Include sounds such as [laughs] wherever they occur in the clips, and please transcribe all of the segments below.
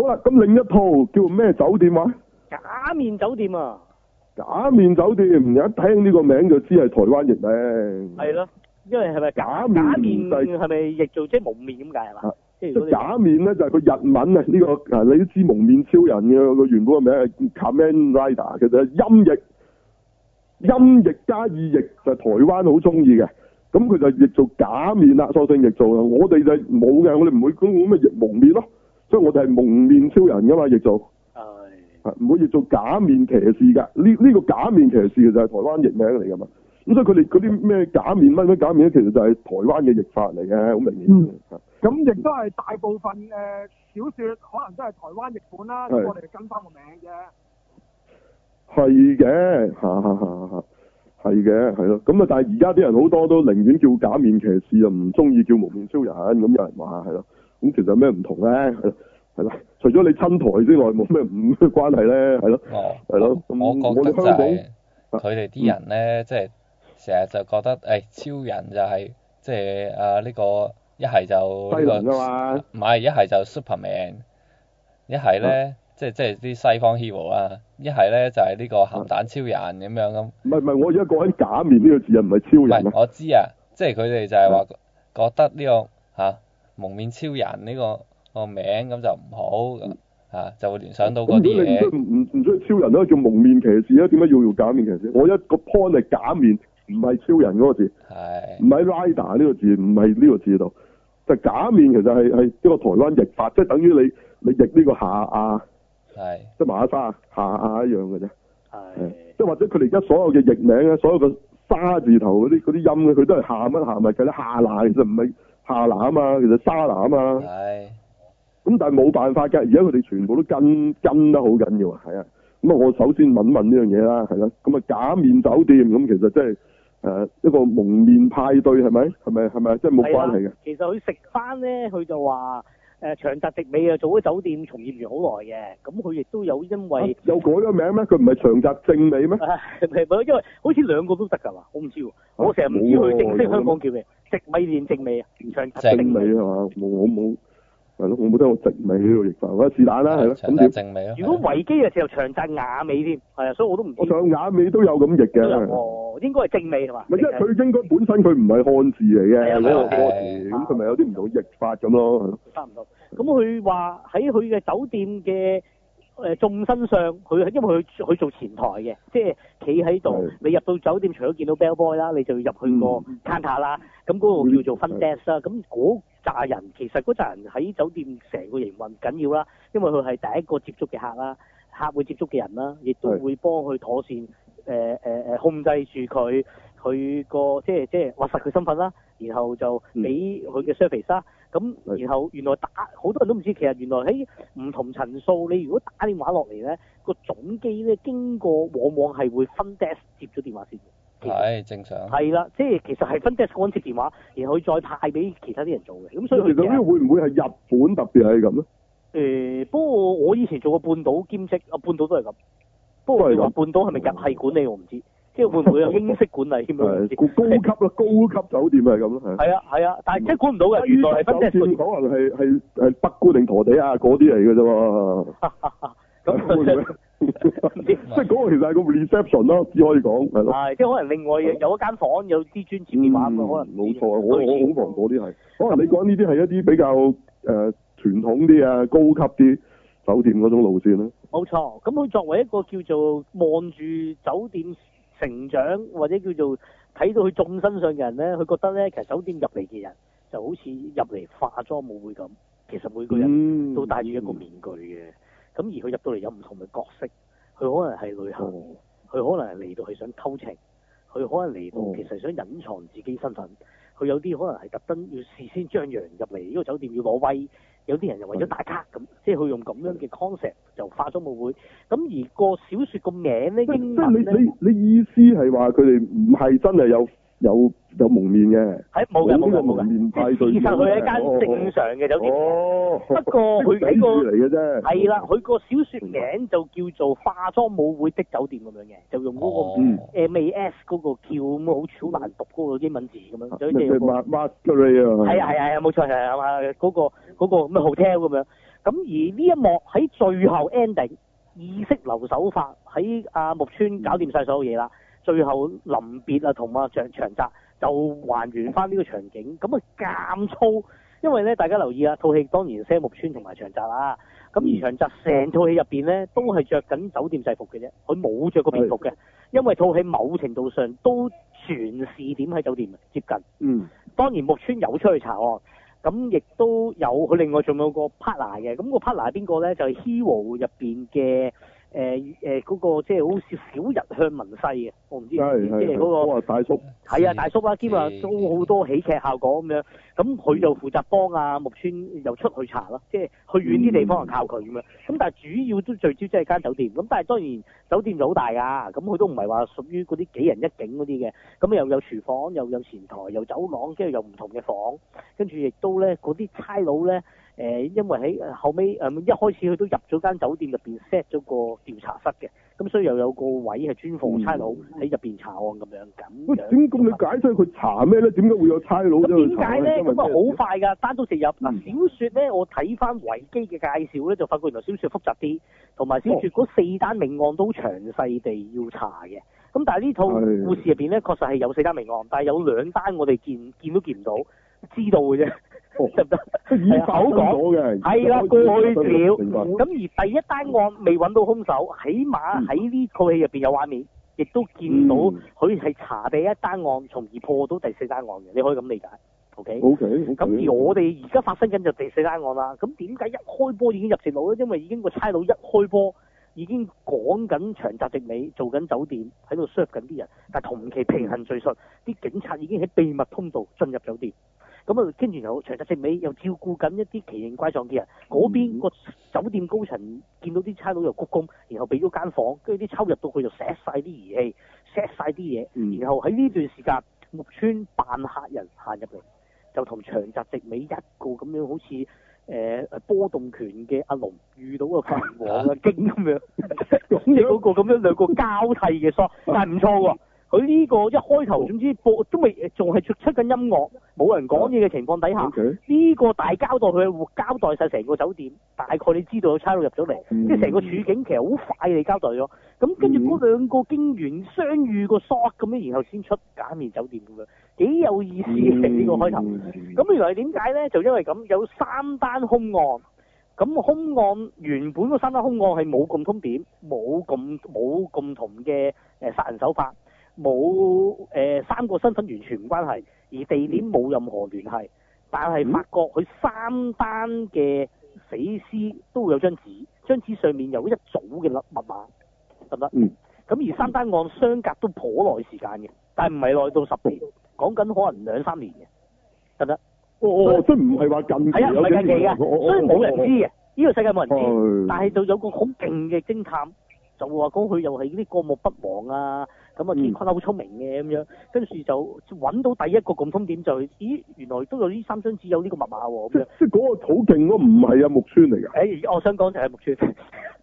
好啦，咁另一套叫咩酒店啊？假面酒店啊！假面酒店，唔，一聽呢個名就知係台灣譯名。係咯，因為係咪假面，就係？假面係咪譯做即係蒙面咁解係嘛？即假面咧，就係個日文啊！呢、呢個你都知蒙面超人嘅個原本個名係 Kamen Rider，其實係音譯，音譯加意譯就係，台灣好中意嘅。咁佢就譯做假面啦，索性譯做啦，我哋就冇嘅，我哋唔會講咁咪譯蒙面咯。所以我哋係蒙面超人噶嘛，亦做係唔好譯做假面騎士㗎。呢呢、呢個假面騎士其實係台灣譯名嚟㗎嘛。咁所以佢哋嗰啲咩假面乜乜假面咧，其實就係台灣嘅譯法嚟嘅，好明顯。咁、嗯、亦都係大部分誒、呃、小説可能都係台灣譯本啦，我哋跟翻個名嘅，係嘅，係係係係係嘅，係咯。咁啊，但係而家啲人好多都寧願叫假面騎士啊，唔中意叫蒙面超人。咁有人話係咯。咁其實有咩唔同咧？係啦，除咗你親台之外，冇咩唔咩關係咧？係咯，係咯。我覺得就係佢哋啲人咧，即係成日就覺得誒、哎、超人就係即係啊呢、呢個一係就低論啊嘛，唔係一係就 Superman，一係咧即係即係啲西方 hero 啊，一係咧就係呢個鹹蛋超人咁、啊、樣咁。唔係唔係，我而家講緊假面呢個字又唔係超人我知啊、就是、他們啊，即係佢哋就係話覺得呢、呢個嚇。啊蒙面超人呢、這個、那個名咁就唔好，吓、嗯啊、就會聯想到個嘢。如果你唔唔唔超人都叫蒙面騎士啦，點解要用「假面騎士」？我一個 point 係假面，唔係超人嗰個字，唔係 Rider 呢個字，唔係呢個字度，就假面其實係係一個台灣譯法，即、就、係、是、等於你你譯呢個下啊，即係、就是、馬沙下啊一樣嘅啫。即係或者佢哋而家所有嘅譯名咧，所有嘅「沙字頭嗰啲啲音咧，佢都係下乜下咪佢啦下嗱，其實唔係。下男啊嘛，其實沙男啊嘛，咁但係冇辦法㗎，而家佢哋全部都跟跟得好緊要喎，係啊，咁啊我首先問問呢樣嘢啦，係啦，咁啊假面酒店咁其實即係誒一個蒙面派對係咪？係咪係咪？即係冇關係嘅。其實佢食翻咧，佢就話。誒、呃、長澤直美啊，做咗酒店從業員好耐嘅，咁佢亦都有因為、啊、有改咗名咩？佢唔係長澤正美咩？係咪係，因為好似兩個都得㗎嘛，我唔知喎、啊，我成日唔知佢正式香港叫咩？直美連直美、正美啊，唔長澤直美啊嘛，冇冇。係咯，我冇得我直美喺度譯法，我是但啦，係咯。如果維基嘅時候長曬雅美添，係啊，所以我都唔。我上雅美都有咁譯嘅。哦，應該係正美係嘛？唔係，因為佢應該本身佢唔係漢字嚟嘅。係啊，你個歌詞咁，佢咪有啲唔同譯法咁咯、啊啊啊啊啊？差唔多。咁佢話喺佢嘅酒店嘅。誒、呃、眾身上，佢因為佢佢做前台嘅，即係企喺度。你入到酒店，除咗見到 bell boy 啦，你就要入去個 counter 啦、嗯。咁、那、嗰個叫做 front desk 啦。咁嗰扎人，其實嗰扎人喺酒店成個營運緊要啦，因為佢係第一個接觸嘅客啦，客會接觸嘅人啦，亦都會幫佢妥善，誒、呃、誒、呃、控制住佢，佢、那個即係即係核實佢身份啦，然後就俾佢嘅 service 啦、嗯。咁然後原來打好多人都唔知，其實原來喺唔同層數，你如果打電話落嚟咧，個總機咧經過往往係會分 desk 接咗電話先嘅。係、哎、正常。係啦，即係其實係分 desk 先接電話，然後再派俾其他啲人做嘅。咁所以其實呢會唔會係日本特別係咁咧？誒、呃，不過我以前做過半島兼職，啊半島都係咁。不過你話半島係咪日系管理我唔知。即係會唔會有英式管理添 [laughs] 高級咯， [laughs] 高級酒店係咁咯，係啊係啊，是啊是不是，但係即係管唔到嘅。原來係不，即係可能係係係北姑定、陀地那些啊，嗰啲嚟嘅啫嘛。咁、 [laughs] 就是、 [laughs] [laughs] [laughs] 即係嗰個其實係個 reception 咯、啊，只可以講係咯。係即係可能另外有一間房間有啲專線電、啊嗯、可能冇錯。我我我房嗰啲係可能你講呢啲係一啲比較誒、呃、傳統啲啊高級啲酒店嗰種路線啦、啊。冇錯，咁佢作為一個叫做望住酒店。成長或者叫做睇到佢眾身上嘅人呢，佢覺得呢，其實酒店入嚟嘅人就好似入嚟化妝舞會咁，其實每個人都戴住一個面具嘅。咁、嗯、而佢入到嚟有唔同嘅角色，佢可能係旅行，佢、哦、可能嚟到係想偷情，佢可能嚟到其實想隱藏自己身份，佢、哦、有啲可能係特登要事先張揚入嚟，呢、呢個酒店要攞威。有啲人就為咗打卡咁，即係佢用咁樣嘅 concept 就化咗個舞會咁而個小説個名咧，英文咧，即係你你你意思係話佢哋唔係真係有？有有蒙面嘅？喺冇嘅冇嘅冇嘅，即係其實佢係一間正常嘅酒店。哦，哦不過佢喺個係、啊啊啊、啦，佢個小説名就叫做《化妝舞會的酒店》咁樣嘅，就用嗰個 M A S 嗰個咁好難讀嗰個英文字咁，那個哦嗯那個那個、樣，所以即係抹啊！係啊係啊冇錯係啊嗰個嗰個咩 Hotel 咁樣，咁而呢一幕喺最後 ending 意識流手法喺阿木村搞掂曬所有嘢啦。最後臨別啊，同啊長長澤就還原翻呢個場景，咁啊咁粗。因為咧大家留意啊，套戲當然係木村同埋長澤啦咁而長澤成套戲入面咧都係着緊酒店制服嘅啫，佢冇着個便服嘅，因為套戲某程度上都全視點喺酒店接近，嗯，當然木村有出去查案，咁亦都有佢另外仲有個 partner 嘅，咁、個 partner 邊個咧就係 Hero 入面嘅。誒誒嗰個即係好少小日向文世嘅，我唔知即係嗰個。係係、啊。大叔！係啊，大叔啊，基本上都好多喜劇效果咁樣。咁佢就負責幫啊木村又出去查咯，即係去遠啲地方就靠佢咁樣。咁、嗯、但係主要都聚焦即係間酒店。咁但係當然酒店就好大㗎。咁佢都唔係話屬於嗰啲幾人一景嗰啲嘅。咁又有廚房，又有前台，又走廊，跟住有唔同嘅房。跟住亦都咧，嗰啲差佬咧。誒、呃，因為喺後尾，誒、呃，一開始佢都入咗間酒店入邊 set 咗個調查室嘅，咁所以又有個位係專放差佬喺入邊查案咁樣咁。喂、嗯，點咁你解釋佢查咩咧？點解會有差佬都查咧？咁點解咧？咁啊好快㗎，單刀直入嗱、嗯、小説咧，我睇翻維基嘅介紹咧，就發覺原來小説複雜啲，同埋小説嗰四單命案都詳細地要查嘅。咁、哦、但係呢套故事入邊咧，確實係有四單命案，但係有兩單我哋見見都見唔到，知道嘅啫。得唔得？以手講、啊，係啦，過去料。咁、啊啊、而第一單案未揾到兇手，起碼喺呢套戲入邊有畫面，亦、嗯、都見到佢係查第一單案，從而破到第四單案嘅。你可以咁理解，OK？OK。咁、okay? okay, okay, 而我哋而家發生緊就第四單案啦。咁點解一開波已經入直路咧？因為已經個差佬一開波已經趕緊長集直尾，做緊酒店，喺度 serve 緊啲人。但同期平衡最訊，啲警察已經喺秘密通道進入酒店。咁啊，跟住又長澤直美又照顧緊一啲奇形怪狀嘅人。嗰邊個酒店高層見到啲差佬又鞠躬，然後俾咗間房。跟住啲抽入到佢就 set 晒啲儀器，set 晒啲嘢。然後喺呢、嗯、段時間，木村扮客人行入嚟，就同長澤直美一個咁樣好似誒、呃、波動拳嘅阿龍遇到個法王阿經咁樣，咁嘢嗰個咁樣兩個交替嘅疏， [laughs] 但係唔錯喎。佢呢個一開頭總之播都未，仲係出出緊音樂，冇人講嘢嘅情況底下，呢、okay. 個大交代佢交代晒成個酒店，大概你知道個差佬入咗嚟，mm -hmm. 即係成個處境其實好快你交代咗。咁跟住嗰兩個警員相遇個 shot 咁樣，然後先出假面酒店咁樣，幾有意思嘅呢、呢個開頭。咁、mm -hmm. 原來點解呢？就因為咁有三單兇案，咁兇案原本個三單兇案係冇共通點冇共冇共同嘅誒殺人手法。冇誒、呃、三個身份完全唔關係，而地點冇任何聯繫，但係發覺佢三單嘅死屍都會有張紙，張紙上面有一組嘅密碼，得唔得？嗯。咁而三單案相隔都頗耐時間嘅，但係唔係耐到十年，講、嗯、緊可能兩三年嘅，得唔得？哦哦，即唔係話近期有係啊，唔係近期啊。所以冇人知嘅，呢、這個世界冇人知、哎，但係就有個好勁嘅偵探就會話講，佢又係嗰啲過目不忘啊。咁、嗯、啊！乾坤好聰明嘅咁樣，跟住就揾到第一個共通點就是、咦，原來都有呢三張紙有呢個密碼喎咁樣。即係嗰個好勁咯，唔係啊，木村嚟㗎。誒、哎，我想講就係木村。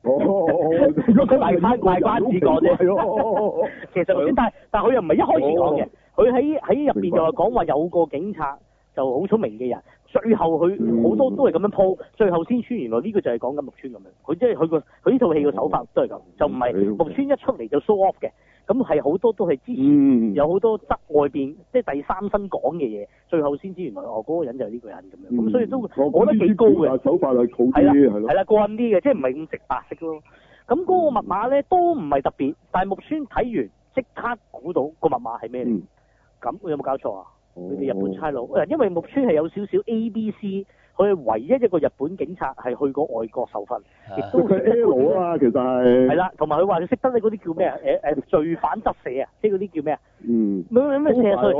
佢賣翻賣關子個啫。哦、 [laughs] 其實但係但係佢又唔係一開始講嘅，佢喺喺入邊就係講話有個警察就好聰明嘅人，最後佢好多都係咁樣鋪，嗯、最後先穿。原來呢個就係講緊木村咁樣。佢即係佢個佢呢套戲嘅手法都係咁、哦，就唔係、嗯、木村一出嚟就 show off 嘅。咁係好多都係之前有好多側外邊、嗯，即係第三身講嘅嘢，最後先知原來哦，嗰、個人就係呢個人咁樣。咁、嗯、所以都我覺得幾高嘅手法，係啦，係啦、啊，人啲嘅，即係唔係咁直白式咯。咁嗰個密碼咧、嗯、都唔係特別，但係木村睇完即刻估到個密碼係咩？咁、嗯、有冇搞錯啊？你哋日本差佬，因為木村係有少少 A、B、C。佢係唯一一個日本警察係去過外國受訓，亦都係 A 佬啊！其實係係啦，同埋佢話你識 [laughs] 得你嗰啲叫咩啊？誒誒，罪犯執射啊，即係嗰啲叫咩啊？嗯，咩咩射碎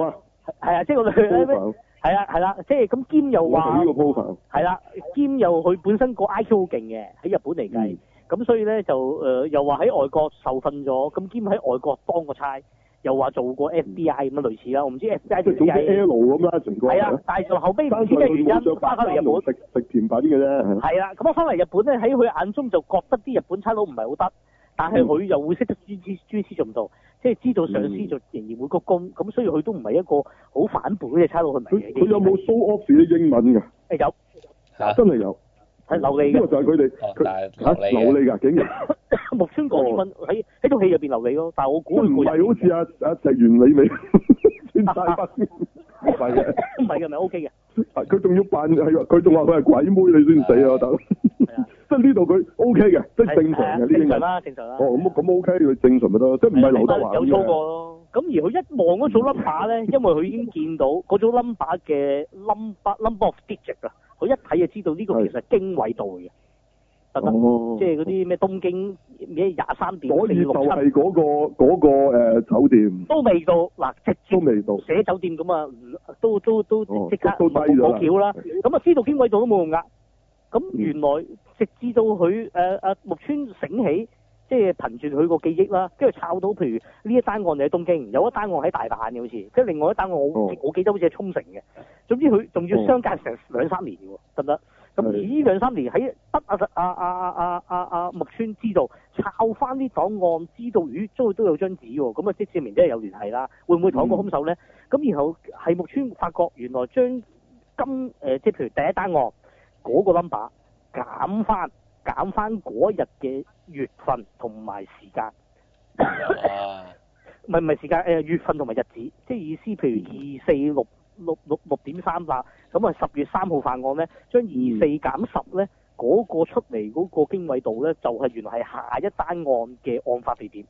係啊，即係個咩係啦係啦，即係咁兼又話係啦，兼又佢本身個 I Q 好勁嘅喺日本嚟計，咁、嗯、所以咧就誒、呃、又話喺外國受訓咗，咁兼喺外國當個差。又話做過 FBI 咁、嗯、啊，類似啦，我唔知 F 但 i 係 L 咁啦，全個係啦。但係到後屘唔知咩原因，翻返嚟日本食食甜品嘅啫。係啦，咁我翻嚟日本咧，喺佢眼中就覺得啲日本差佬唔係好得、嗯，但係佢又會識得尊師尊師重道，即係知道上司就仍然會鞠躬。咁、嗯、所以佢都唔係一個好反叛嘅差佬去。咪？佢有冇 show off 啲英文㗎？有，啊、真係有。係流利嘅，呢、這個就係佢哋，佢、哦、吓流利噶、啊，竟然木村廣之喺喺套戲入邊流利咯，但係我估唔係好似阿阿石原里美，千差百唔係嘅，唔係嘅咪 OK 嘅，佢 [laughs] 仲要扮係佢仲話佢係鬼妹你先死啊等，即係呢度佢 OK 嘅，即、就、係、是、正常嘅呢啲人，正常啦，正常啦，哦咁咁 OK 佢正常咪得咯，即係唔係劉德華，有錯過咯，咁而佢一望嗰組 number 咧，因為佢已經見到嗰組 number 嘅 number number of digits 啦。佢一睇就知道呢個其實經緯度嘅，等等，即係嗰啲咩東京咩廿三點，所以就係嗰個嗰個誒酒店都未到，嗱，直接都未到寫酒店咁啊，都都都即刻冇橋啦，咁啊知道經緯度都冇用噶，咁原來直至到佢誒誒木村醒起。即、就、係、是、憑住佢個記憶啦，跟住抄到，譬如呢一單案就喺東京，有一單案喺大阪嘅好似，跟住另外一單案我我記得好似喺沖繩嘅。Oh. 總之佢仲要相隔成兩三年嘅喎，得唔得？咁而呢兩三年喺得阿阿阿阿阿阿木村知道抄翻啲檔案，知道咦，都都有張紙喎，咁啊即證明都係有聯繫啦。會唔會躺過空手咧？咁、mm. 然後係木村發覺原來將今誒即、呃、譬如第一單案嗰、那個 number 減翻。減翻嗰日嘅月份同埋時間、啊，唔係唔係時間誒、呃、月份同埋日子，即係意思，譬如二四六六六六點三八，咁啊十月三號犯案咧，將二四減十咧，嗰、嗰個出嚟嗰個經緯度咧，就係、係、原來係下一單案嘅案發地點。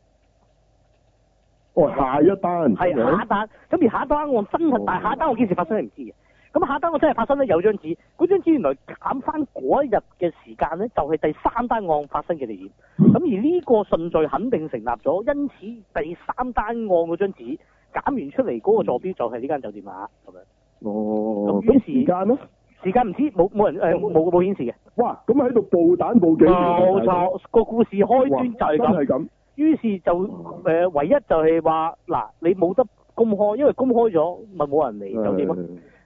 哦，下一單係下一單，咁而下一單案真係大，哦、但下一單案幾時發生你唔知嘅。咁下單我真係發生咧有張紙，嗰張紙原來減翻嗰一日嘅時間咧，就係、是、第三單案發生嘅地點。咁而呢個順序肯定成立咗，因此第三單案嗰張紙減完出嚟嗰個坐標就係呢間酒店啊，咁、嗯、樣。哦，咁時間咧？時間唔知，冇冇人誒冇冇顯示嘅。哇！咁喺度暴彈暴警，冇錯，個故事開端就係咁。真係咁。於是就、呃、唯一就係話嗱，你冇得公開，因為公開咗，咪冇人嚟、哎、酒店咯。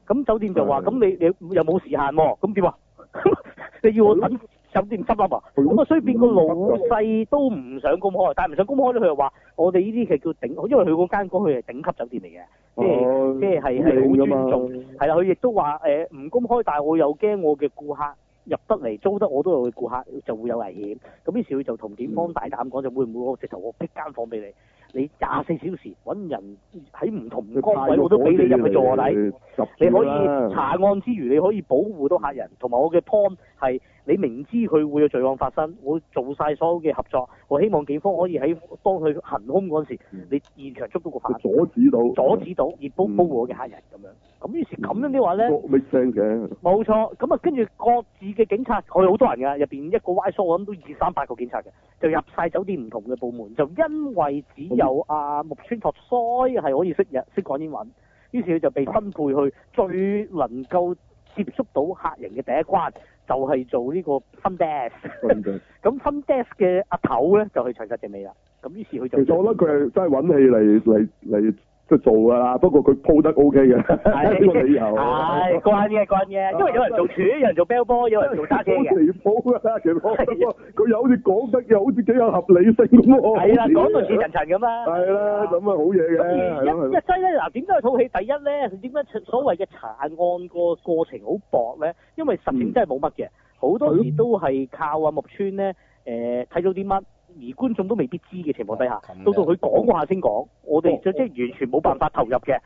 咁酒店就話：咁你你又冇時限喎，咁點啊？啊 [laughs] 你要我等酒店執笠啊？咁啊，所以變個老細都唔想公開，但係唔想公開咧，佢又話：我哋呢啲其實叫頂，因為佢嗰間房佢係頂級酒店嚟嘅、啊，即係即係係係好尊重。係啦，佢亦都話誒唔公開，但係我又驚我嘅顧客入得嚟，租得我都有嘅顧客，就會有危險。咁於是佢就同警方大膽講、嗯，就會唔會我直頭我逼間房俾你？你廿四小時揾人喺唔同崗位，我都俾你入去做臥底。你可以查案之餘，你可以保護到客人，同埋我嘅 point 係。你明知佢會有罪案發生，我做曬所有嘅合作，我希望警方可以喺當佢行凶嗰時、嗯，你現場捉到個犯人，阻止到，阻止到，而保護我嘅客人咁樣。咁於是咁樣啲話咧，冇、嗯、錯。咁啊，跟住各自嘅警察，我哋好多人㗎，入面一個歪梳，我諗都二三百個警察嘅，就入曬酒店唔同嘅部門，就因為只有阿、啊、木村拓哉係可以識日、識講英文，於是佢就被分配去最能夠接觸到客人嘅第一關。嗯就係、是、做個 front desk, front desk. [laughs] 的呢個 front desk，咁 front desk 嘅阿頭咧就去長曬隻尾啦，咁於是佢就去其實我覺得佢係真係揾氣嚟嚟嚟。都做噶啦，不過佢鋪得 O K 嘅，呢 [laughs] 個理由。係關嘅，關嘅，因為有人做柱，有人做 bell boy 有人做揸車嘅。好似鋪㗎，佢又好似講得又好似幾有合理性咁係啦，講到似層層㗎嘛。係 [laughs] 啦，咁、就是、啊好嘢嘅，一啦呢，咧，嗱，點解套戲第一咧？點解所謂嘅查案個過程好薄咧？因為實情真係冇乜嘅，好、嗯、多時都係靠阿木村咧，誒、呃、睇到啲乜。而觀眾都未必知嘅情況底下，嗯嗯嗯、到到佢講下先講，哦、我哋就即係完全冇辦法投入嘅。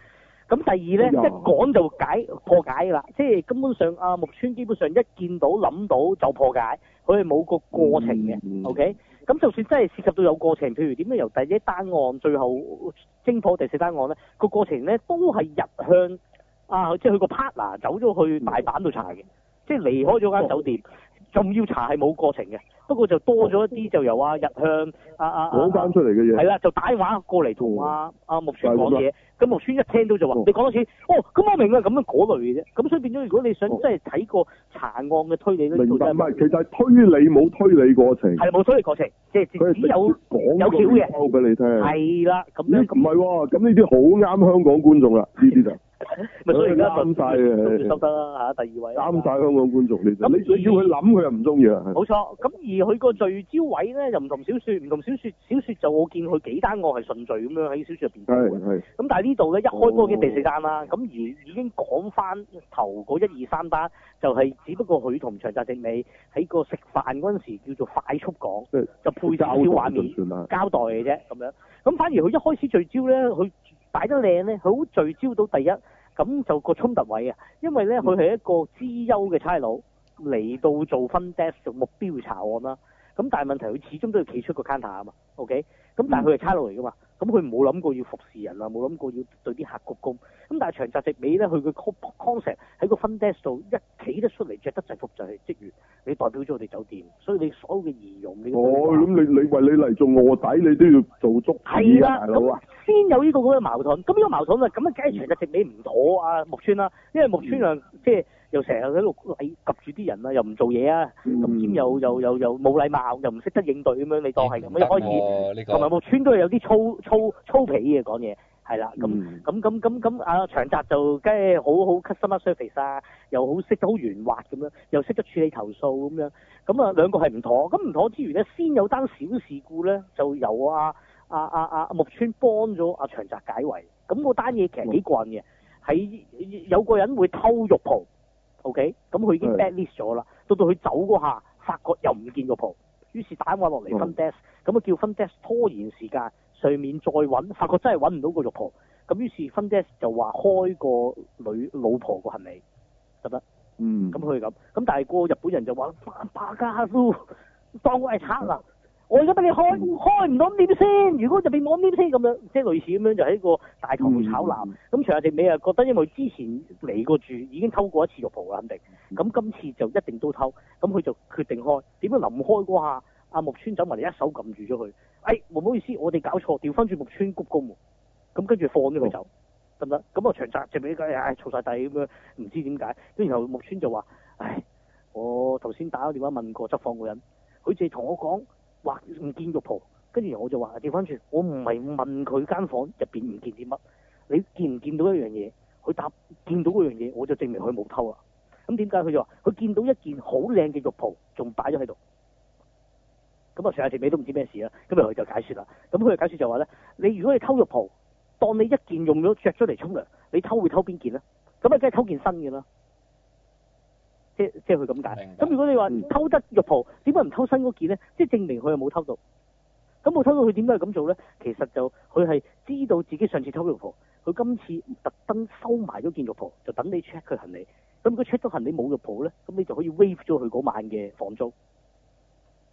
咁、哦哦、第二呢，嗯、一講講就解破解㗎啦、嗯，即係根本上啊木村基本上一見到諗到就破解，佢係冇個過程嘅、嗯。OK，咁就算真係涉及到有過程，譬如點樣由第一單案最後偵破第四單案呢？個過程呢都係入向啊，即係佢個 partner 走咗去大阪度查嘅、嗯，即係離開咗間酒店，仲、哦、要查係冇過程嘅。不過就多咗一啲、哦，就由阿日向阿阿講翻出嚟嘅嘢，係、啊、啦、啊啊，就打電話過嚟同阿阿木村講嘢。咁木村一聽到就話、哦：你講多次，哦，咁我明啦，咁樣嗰類嘅啫。咁所以變咗，如果你想即係睇個查案嘅推理咧，明白唔係其實係推理冇推理過程，係冇推理過程，即、就、係、是、只有講有少嘅，收俾你聽。係啦，咁唔係咁呢啲好啱香港觀眾啦、啊，呢 [laughs] 啲就所以而家啱曬嘅都得啦，嚇、啊、第二位啱曬香港觀眾你，你要佢諗佢又唔中意啊，冇錯咁。而佢個聚焦位咧，又唔同小説，唔同小説，小説就我見佢幾單案係順序咁樣喺小説入邊咁，但係呢度咧、哦、一開波已經第四單啦，咁、哦、而已經講翻頭嗰一二三單，就係、是、只不過佢同長澤正美喺個食飯嗰時叫做快速講，就配咗少畫面交代嘅啫咁樣。咁反而佢一開始聚焦咧，佢擺得靚咧，佢好聚焦到第一，咁就個衝突位啊，因為咧佢係一個知優嘅差佬。嚟到做分 desk 做目標查案啦，咁但係問題佢始終都要企出個 counter 啊嘛，OK？咁但係佢係差佬嚟噶嘛，咁佢冇諗過要服侍人啊，冇諗過要對啲客鞠躬，咁但係長澤直美咧，佢個 concept 喺個分 desk 度一企得出嚟，着得制服就係職員，你代表咗我哋酒店，所以你所有嘅儀容你我咁你你為你嚟做卧底，你都要做足啲，大佬啊，先有呢個咁嘅矛盾，咁呢個矛盾就咁啊，梗係長澤直美唔妥啊木村啦，因為木村啊、嗯、即係。又成日喺度禮及住啲人啊，又唔做嘢啊，咁、嗯、兼又又又又冇禮貌，又唔識得應對咁樣，你當係咁一開始。哦、這個，同埋木村都係有啲粗粗粗皮嘅講嘢，係啦，咁咁咁咁咁啊長澤就梗係好好 customer service 啦、啊，又好識得好圓滑咁樣，又識得處理投訴咁樣，咁啊兩個係唔妥。咁唔妥之餘咧，先有單小事故咧，就由阿阿阿阿木村幫咗阿、啊、長澤解圍。咁個單嘢其實幾慣嘅，喺、嗯、有個人會偷浴袍。OK，咁佢已經 bad list 咗啦，到到佢走嗰下，發覺又唔見個婆，於是打電話落嚟 front desk，咁啊叫 front desk 拖延時間，上面再搵，發覺真係搵唔到個肉婆，咁於是 front desk 就話開個女老婆個行李得唔得？嗯，咁佢咁，咁但係個日本人就話翻巴加蘇， [laughs] [laughs] 當我係賊啦。嗯我而家等你開開唔到黏先。如果就變冇黏先，咁樣，即係類似咁樣就喺個大堂度炒鬧。咁、嗯嗯嗯、長澤直美啊，覺得因為之前嚟過住已經偷過一次浴袍啦，肯定。咁今次就一定都偷，咁佢就決定開。點知臨開嗰下，阿木村走埋嚟，一手撳住咗佢。哎，唔好意思，我哋搞錯，調翻轉，木村鞠躬喎。咁跟住放咗佢走，得唔得？咁啊，長澤直美梗係唉嘈曬底咁樣，唔知點解。跟住然後木村就話，唉，我頭先打咗電話問過執放個人，佢就同我講。話唔見浴袍，跟住我就話調翻轉，我唔係問佢間房入邊唔見啲乜，你見唔見到一樣嘢？佢答見到嗰樣嘢，我就證明佢冇偷啊。咁點解佢就話佢見到一件好靚嘅浴袍，仲擺咗喺度。咁啊，上下條尾都唔知咩事啦。咁佢就解説啦。咁佢就解説就話咧：你如果你偷浴袍，當你一件用咗着出嚟沖涼，你偷會偷邊件呢？咁啊，梗係偷件新嘅啦。即即係佢咁解，咁如果你話偷得浴袍，點解唔偷新嗰件咧？即係證明佢又冇偷到。咁冇偷到佢點解係咁做咧？其實就佢係知道自己上次偷浴袍，佢今次特登收埋咗件浴袍，就等你 check 佢行李。咁佢 check 咗行李冇浴袍咧，咁你就可以 waive 咗佢嗰晚嘅房租。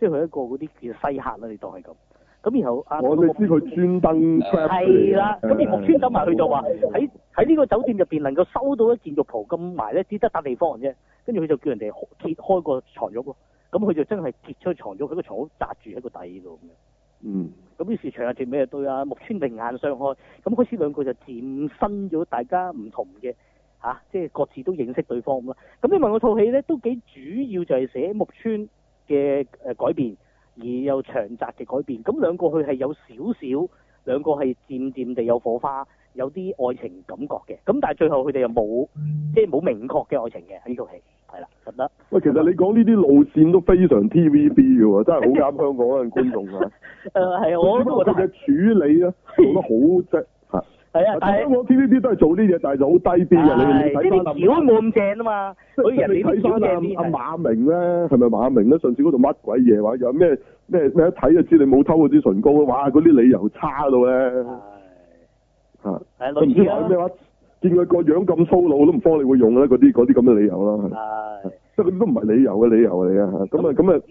即係佢一個嗰啲叫西客啦，你當係咁。咁然後啊我哋知佢專登，係啦。咁、嗯、而木村走埋去就話喺喺呢個酒店入面能夠收到一件浴袍咁埋咧，只得笪地方啫。跟住佢就叫人哋揭開個床褥咯。咁佢就真係揭出床褥，喺個床褥紮住喺個底度咁樣。嗯。咁於是長日條尾就對阿木村定眼相開咁開始，兩個就漸生咗大家唔同嘅嚇、啊，即係各自都認識對方咁啦，咁你問我套戲咧都幾主要就係寫木村嘅改變。而有長澤嘅改變，咁兩個佢係有少少兩個係漸漸地有火花，有啲愛情感覺嘅。咁但係最後佢哋又冇、嗯，即係冇明確嘅愛情嘅喺呢套戲，係啦，覺得。喂，其實你講呢啲路線都非常 TVB 嘅喎，真係好啱香港嘅 [laughs] 觀眾啊！誒 [laughs] 係、啊，我都覺得佢嘅處理啊， [laughs] 做得好即係啊，但係香港 T V B 都係做呢啲嘢，但係就好低啲嘅。係如果冇咁正啊嘛。即係你睇翻阿馬明咧，係咪馬明咧？上次嗰度乜鬼嘢話？有咩咩咩？一睇就知你冇偷嗰支唇膏嘅話，嗰啲理由差到咧。係、啊啊啊、你唔知話咩話？見佢個樣咁粗魯，都唔方你會用咧？嗰啲啲咁嘅理由咯。係、啊，即係佢都唔係理由嘅理由嚟啊！咁啊咁啊，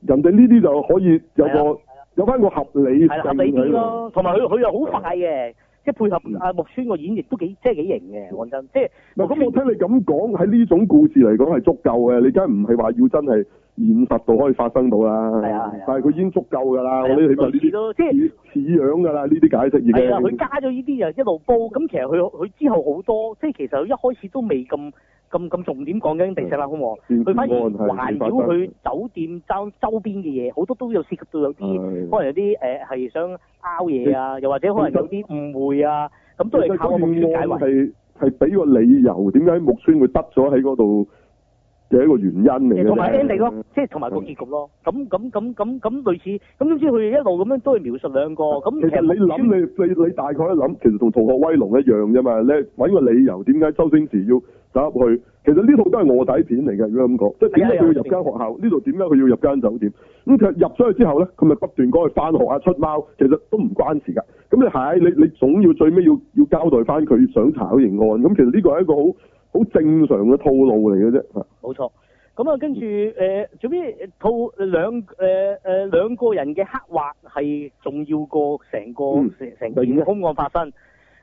人哋呢啲就可以有個、啊啊、有翻個合理性喺、啊、合理啲咯，同埋佢佢又好快嘅。即配合阿木村個演繹都幾即係幾型嘅，講真，即係。嗱，咁我聽你咁講，喺呢種故事嚟講係足夠嘅，你梗係唔係話要真係現實度可以發生到啦。係啊，係啊，但係佢已經足夠噶啦，我呢啲係咪先？似樣噶啦，呢啲解釋已經。係啊，佢、啊就是啊、加咗呢啲又一路煲，咁其實佢佢之後好多，即係其實佢一開始都未咁。咁咁重點講緊地勢啦，好冇？佢反而環繞佢酒店周周邊嘅嘢，好多都有涉及到，有啲可能有啲誒，係想拗嘢啊，又或者可能有啲誤會啊，咁都係靠點解？係係俾個理由點解木村會得咗喺嗰度？嘅一個原因嚟嘅、就係，同埋 Andy 咯，即係同埋個結局咯。咁咁咁咁咁類似，咁總之佢一路咁樣都係描述兩個。其實你諗你你你大概一諗，其實同《逃學威龍》一樣啫嘛。你揾個理由點解周星馳要走入去？其實呢套都係臥底片嚟嘅，如果咁講，即係點解佢要入間學校？呢度點解佢要入間酒店？咁其實佢入咗去之後咧，佢咪不斷去返學啊、出貓，其實都唔關事嘅。咁你係你你總要最尾要要交代翻佢想查刑案。咁其實呢個係一個好好正常嘅套路嚟嘅啫，冇錯。咁、嗯、啊、嗯嗯，跟住誒，做、呃、咩？套兩誒誒、呃、兩個人嘅刻畫係重要過成個成個案發生。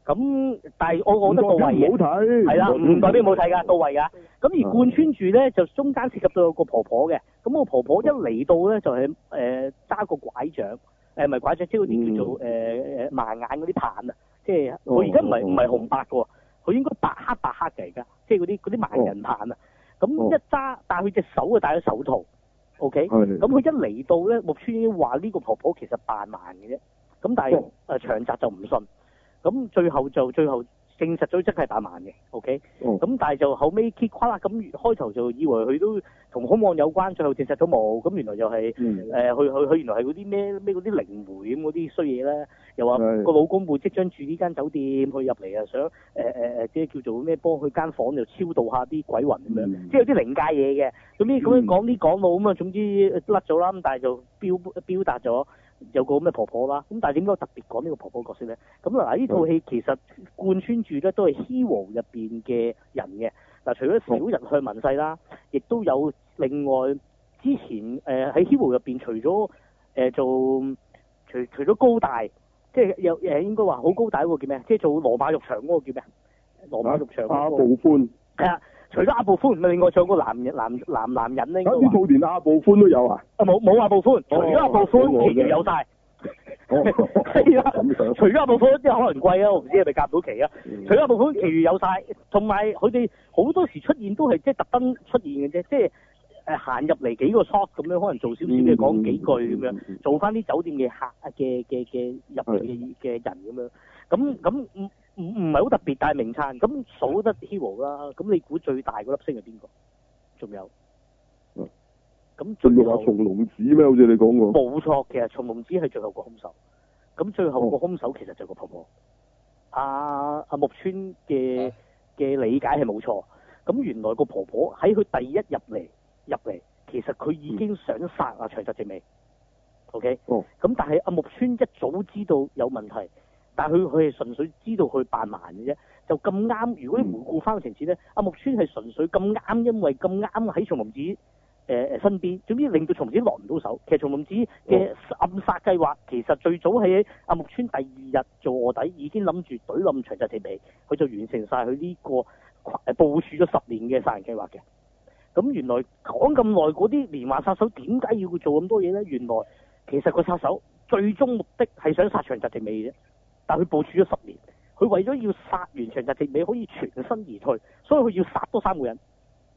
咁、嗯嗯、但係我我覺得到位好睇，係啦，代表冇睇㗎，到位㗎、啊。咁、嗯、而貫穿住咧，就中間涉及到有個婆婆嘅。咁個婆婆一嚟到咧、嗯，就係誒揸個拐杖，誒唔係拐杖，即係啲叫做誒誒盲眼嗰啲壇啊。即係我而家唔係唔係紅白㗎喎。佢應該白黑白黑嚟㗎，即係嗰啲啲盲人棒啊。咁、哦、一揸、哦，但係佢隻手就戴咗手套。OK，咁佢一嚟到咧，木村已經話呢個婆婆其實扮盲嘅啫。咁但係誒長澤就唔信。咁最後就最後證實咗真係扮盲嘅。OK，咁、哦、但係就後尾揭垮啦。咁開頭就以為佢都同兇案有關，最後證實咗冇。咁原來又係誒，佢佢佢原來係嗰啲咩咩嗰啲靈媒咁嗰啲衰嘢啦。又話個老公會即將住呢間酒店去入嚟啊！想誒即係叫做咩幫佢間房度超度下啲鬼魂咁樣，嗯、即係有啲靈界嘢嘅。咁呢咁講啲講到咁啊，總之甩咗啦。咁但係就表標達咗有個咁嘅婆婆啦。咁但係點解特別講呢個婆婆角色咧？咁嗱，呢套戲其實貫穿住咧都係《希 e 入面嘅人嘅嗱，除咗小人向文世啦，亦都有另外之前誒喺《希 e 入面除咗做、呃、除除咗高大。即係又誒，應該話好高大喎、那個，叫咩啊？即係做羅馬浴場嗰、那個叫咩啊？羅馬浴場、那個啊、阿布歡係啊，除咗阿布歡，唔係另外仲有個男男男，男男人咧。呢部連阿布歡都有啊？啊，冇冇阿布歡，除咗阿布歡、哦，其餘有晒。係、哦、啊、 [laughs] 哦哦哦 [laughs] 嗯，除咗阿布歡，即 [laughs] 係可能貴啊，我唔知係咪夾到期啊。嗯、除咗阿布歡，其餘有晒，同埋佢哋好多時出現都係即係特登出現嘅啫，即係。誒行入嚟幾個 shop 咁樣，可能做少少嘅講幾句咁樣、嗯嗯嗯嗯嗯，做翻啲酒店嘅客嘅嘅嘅入嚟嘅嘅人咁樣。咁咁唔唔唔係好特別，大名餐咁、嗯、數得 hero 啦。咁你估最大嗰粒星係邊個？仲有？咁最後。仲有阿松龍子咩？好似你講過。冇錯，其實松龍子係最後個兇手。咁最後個兇手其實就個婆婆。阿、哦、阿、啊、木村嘅嘅理解係冇錯。咁原來個婆婆喺佢第一入嚟。入嚟，其實佢已經想殺阿、啊嗯、長澤直美，OK？咁、哦、但係阿木村一早知道有問題，但係佢佢係純粹知道佢扮盲嘅啫。就咁啱，如果你回顧翻個情節咧，阿木村係純粹咁啱，因為咁啱喺松林子誒誒、呃、身邊，總之令到松林子落唔到手。其實松林子嘅暗殺計劃其實最早係阿木村第二日做臥底已經諗住懟冧長澤直美，佢就完成晒佢呢個部署咗十年嘅殺人計劃嘅。咁原來講咁耐嗰啲連環殺手點解要佢做咁多嘢呢？原來其實個殺手最終目的係想殺長澤直美啫，但佢部署咗十年，佢為咗要殺完長澤直美可以全身而退，所以佢要殺多三個人，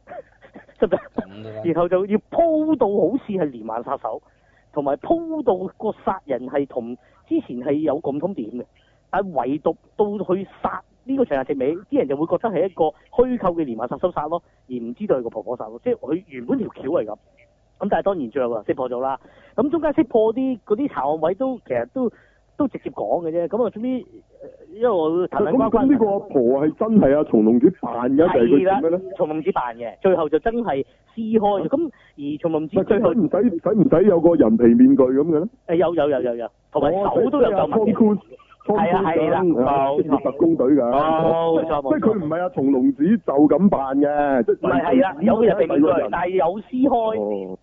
嗯、 [laughs] 然後就要鋪到好似係連環殺手，同埋鋪到個殺人係同之前係有共通點嘅，但唯獨到去殺。呢、這個長牙直尾，啲人就會覺得係一個虛構嘅連環殺手殺咯，而唔知道係個婆婆殺咯。即係佢原本條橋係咁，咁但係當然最後啊識破咗啦。咁中間識破啲嗰啲查案位都其實都都直接講嘅啫。咁啊，總之因為我睇層咁咁呢個阿婆係真係啊，松隆子扮嘅定係佢做咩咧？松隆子扮嘅，最後就真係撕開咁、啊。而松隆子最後唔使唔使有個人皮面具咁樣咧？有有有有有，同埋手都有係啊，係啦、啊，係、啊、特工隊噶，冇、啊、即係佢唔係阿松龍子就咁辦嘅，唔係係啦，有入面、啊，但係有撕開，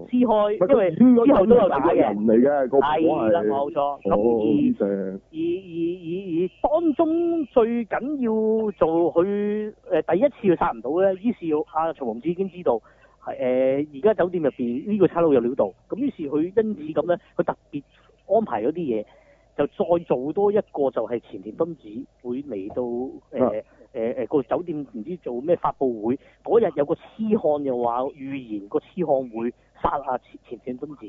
撕、哦、開，因為之後都有打人嚟嘅，係啦，冇、啊、錯，咁、哦、以上，以以以以當中最緊要做佢誒第一次殺唔到咧，於是阿松、啊、龍子已經知道係誒而家酒店入邊呢個差佬有料到，咁於是佢因此咁咧，佢特別安排咗啲嘢。就再做多一個，就係前田敦子會嚟到誒誒誒個酒店，唔知做咩發佈會嗰日、啊、有個痴漢，又話預言個痴漢會殺下前前田敦子，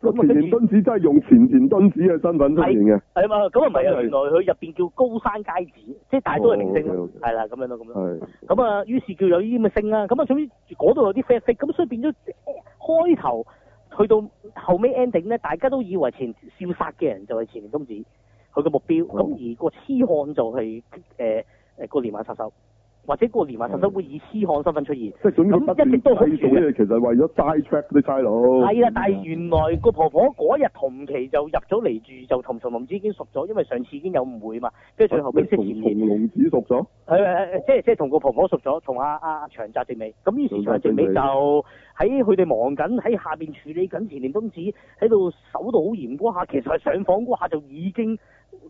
個前田敦子真係用前田敦子嘅身份出現嘅，係啊嘛，咁啊，唔係啊，原來佢入邊叫高山佳子是，即係大都係明星，係啦，咁樣咯，咁樣咁啊，於是叫有依啲咁嘅星啦，咁啊，總之嗰度有啲啡色，n 咁所以變咗開頭。去到後尾 ending 咧，大家都以為前消殺嘅人就係前年公子，佢嘅目標，咁而個痴漢就係誒誒個連環殺手。或者嗰年華神都會以師漢身份出現、嗯，咁一直都好處，氣其實為咗齋 track 啲差佬。係啊，但係原來個婆婆嗰日同期就入咗嚟住，就同從龍子已經熟咗，因為上次已經有誤會嘛。跟住最後邊識從龍子熟咗。係即係即係同個婆婆熟咗，同阿阿長澤直美。咁於是長澤直美就喺佢哋忙緊，喺下邊處理緊田年宗子喺度守到好嚴嗰下，其實上房嗰下就已經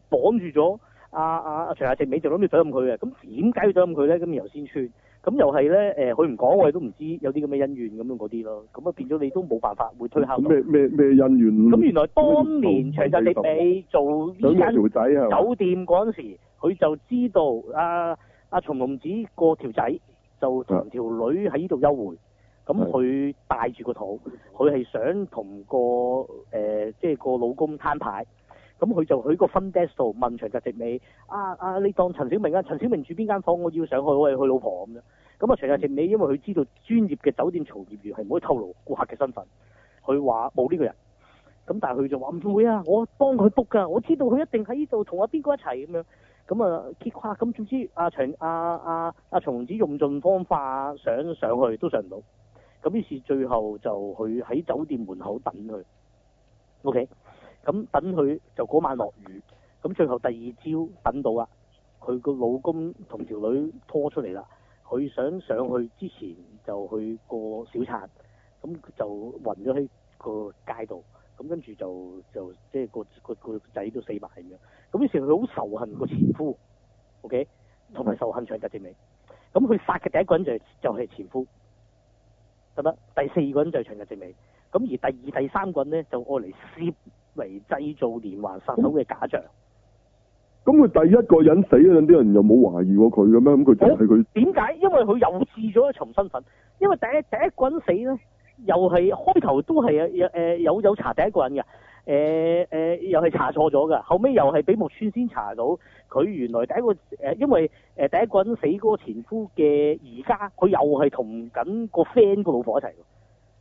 綁住咗。阿阿阿徐阿直尾就諗住想暗佢嘅，咁點解要想暗佢咧？咁由先穿，咁又係咧，誒，佢唔講，我哋都唔知有啲咁嘅恩怨咁樣嗰啲咯，咁啊變咗你都冇辦法會推敲。咩咩咩恩怨？咁原來當年其實你你做呢間酒店嗰陣時，佢就知道阿阿松龍子個條仔就同條女喺呢度幽會，咁佢帶住個肚，佢係想同個誒，即、呃、係、就係、個老公攤牌。咁佢就去個 front desk 問長澤直美啊啊！你當陳小明啊？陳小明住邊間房？我要上去，我係佢老婆咁樣。咁啊，長澤直美因為佢知道專業嘅酒店從業員係唔可以透露顧客嘅身份，佢話冇呢個人。咁但係佢就話唔會啊！我幫佢 book 㗎，我知道佢一定喺呢度同阿邊個一齊咁樣。咁啊，結果咁總之阿長阿阿阿松子用盡方法想上去都上唔到。咁於是最後就去喺酒店門口等佢。O K。咁等佢就嗰晚落雨，咁最後第二朝等到啦，佢個老公同條女拖出嚟啦。佢想上去之前就去過小插，咁就暈咗喺個街度。咁跟住就就即係、就是、個個個仔都死埋咁樣咁於是佢好仇恨個前夫，OK，同埋仇恨長澤正美。咁佢殺嘅第一個人就是、就係、是、前夫，得唔得？第四個人就係長澤正美。咁而第二、第三個人咧就愛嚟攝。為製造連環殺手嘅假象，咁、嗯、佢第一個人死咧，啲人又冇懷疑過佢咁樣，咁佢就係佢點解？因為佢又試咗一重身份，因為第一第一個人死咧，又係開頭都係、呃、有有誒有有查第一個人嘅，誒、呃、誒、呃，又係查錯咗嘅，後尾又係俾木村先查到，佢原來第一個誒、呃，因為誒、呃、第一個人死嗰個前夫嘅而家，佢又係同緊個 friend 個老婆一齊，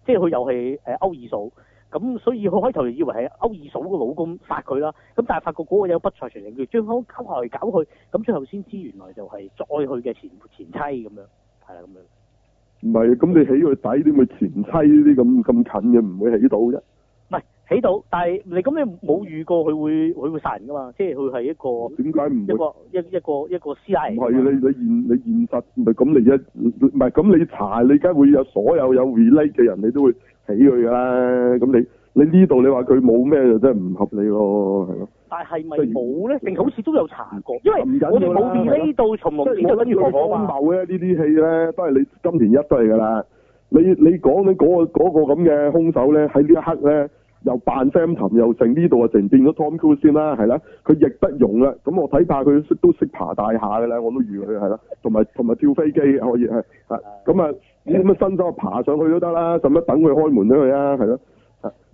即係佢又係誒勾二嫂。咁所以佢開頭就以為係歐二嫂個老公殺佢啦，咁但係發覺嗰個有不在場證明，佢將佢搞嚟搞去，咁最後先知原來就係愛佢嘅前前妻咁樣，係啊咁樣。唔係啊，咁你起佢底點會前妻呢啲咁咁近嘅，唔會起到啫。唔係，起到，但係你咁你冇遇過佢會佢會殺人㗎嘛？即係佢係一個點解唔一個一一個一個師奶。唔係啊，你你現你現實唔係咁嚟啫，唔係咁你查你梗會有所有有 relate 嘅人，你都會。起佢噶啦，咁你你呢度你話佢冇咩就真係唔合理咯，係咯、啊。但係咪冇咧？定好似都有查過？因為要我哋冇呢度，從冇變，就等於講講陰謀咧，當戲呢啲戲咧都係你金田一都係噶啦。你你講你嗰、那個、那個咁嘅凶手咧，喺呢一刻咧又扮 Samson 又成呢度啊，成變咗 Tom Cruise 先啦，係啦。佢亦不容啦，咁我睇怕佢都識爬大廈噶啦，我都預佢係啦。同埋同埋跳飛機、嗯、可以係咁啊。嗯嗯嗯嗯你咁樣，伸手爬上去都得啦，使乜等佢開門出去啊？係咯，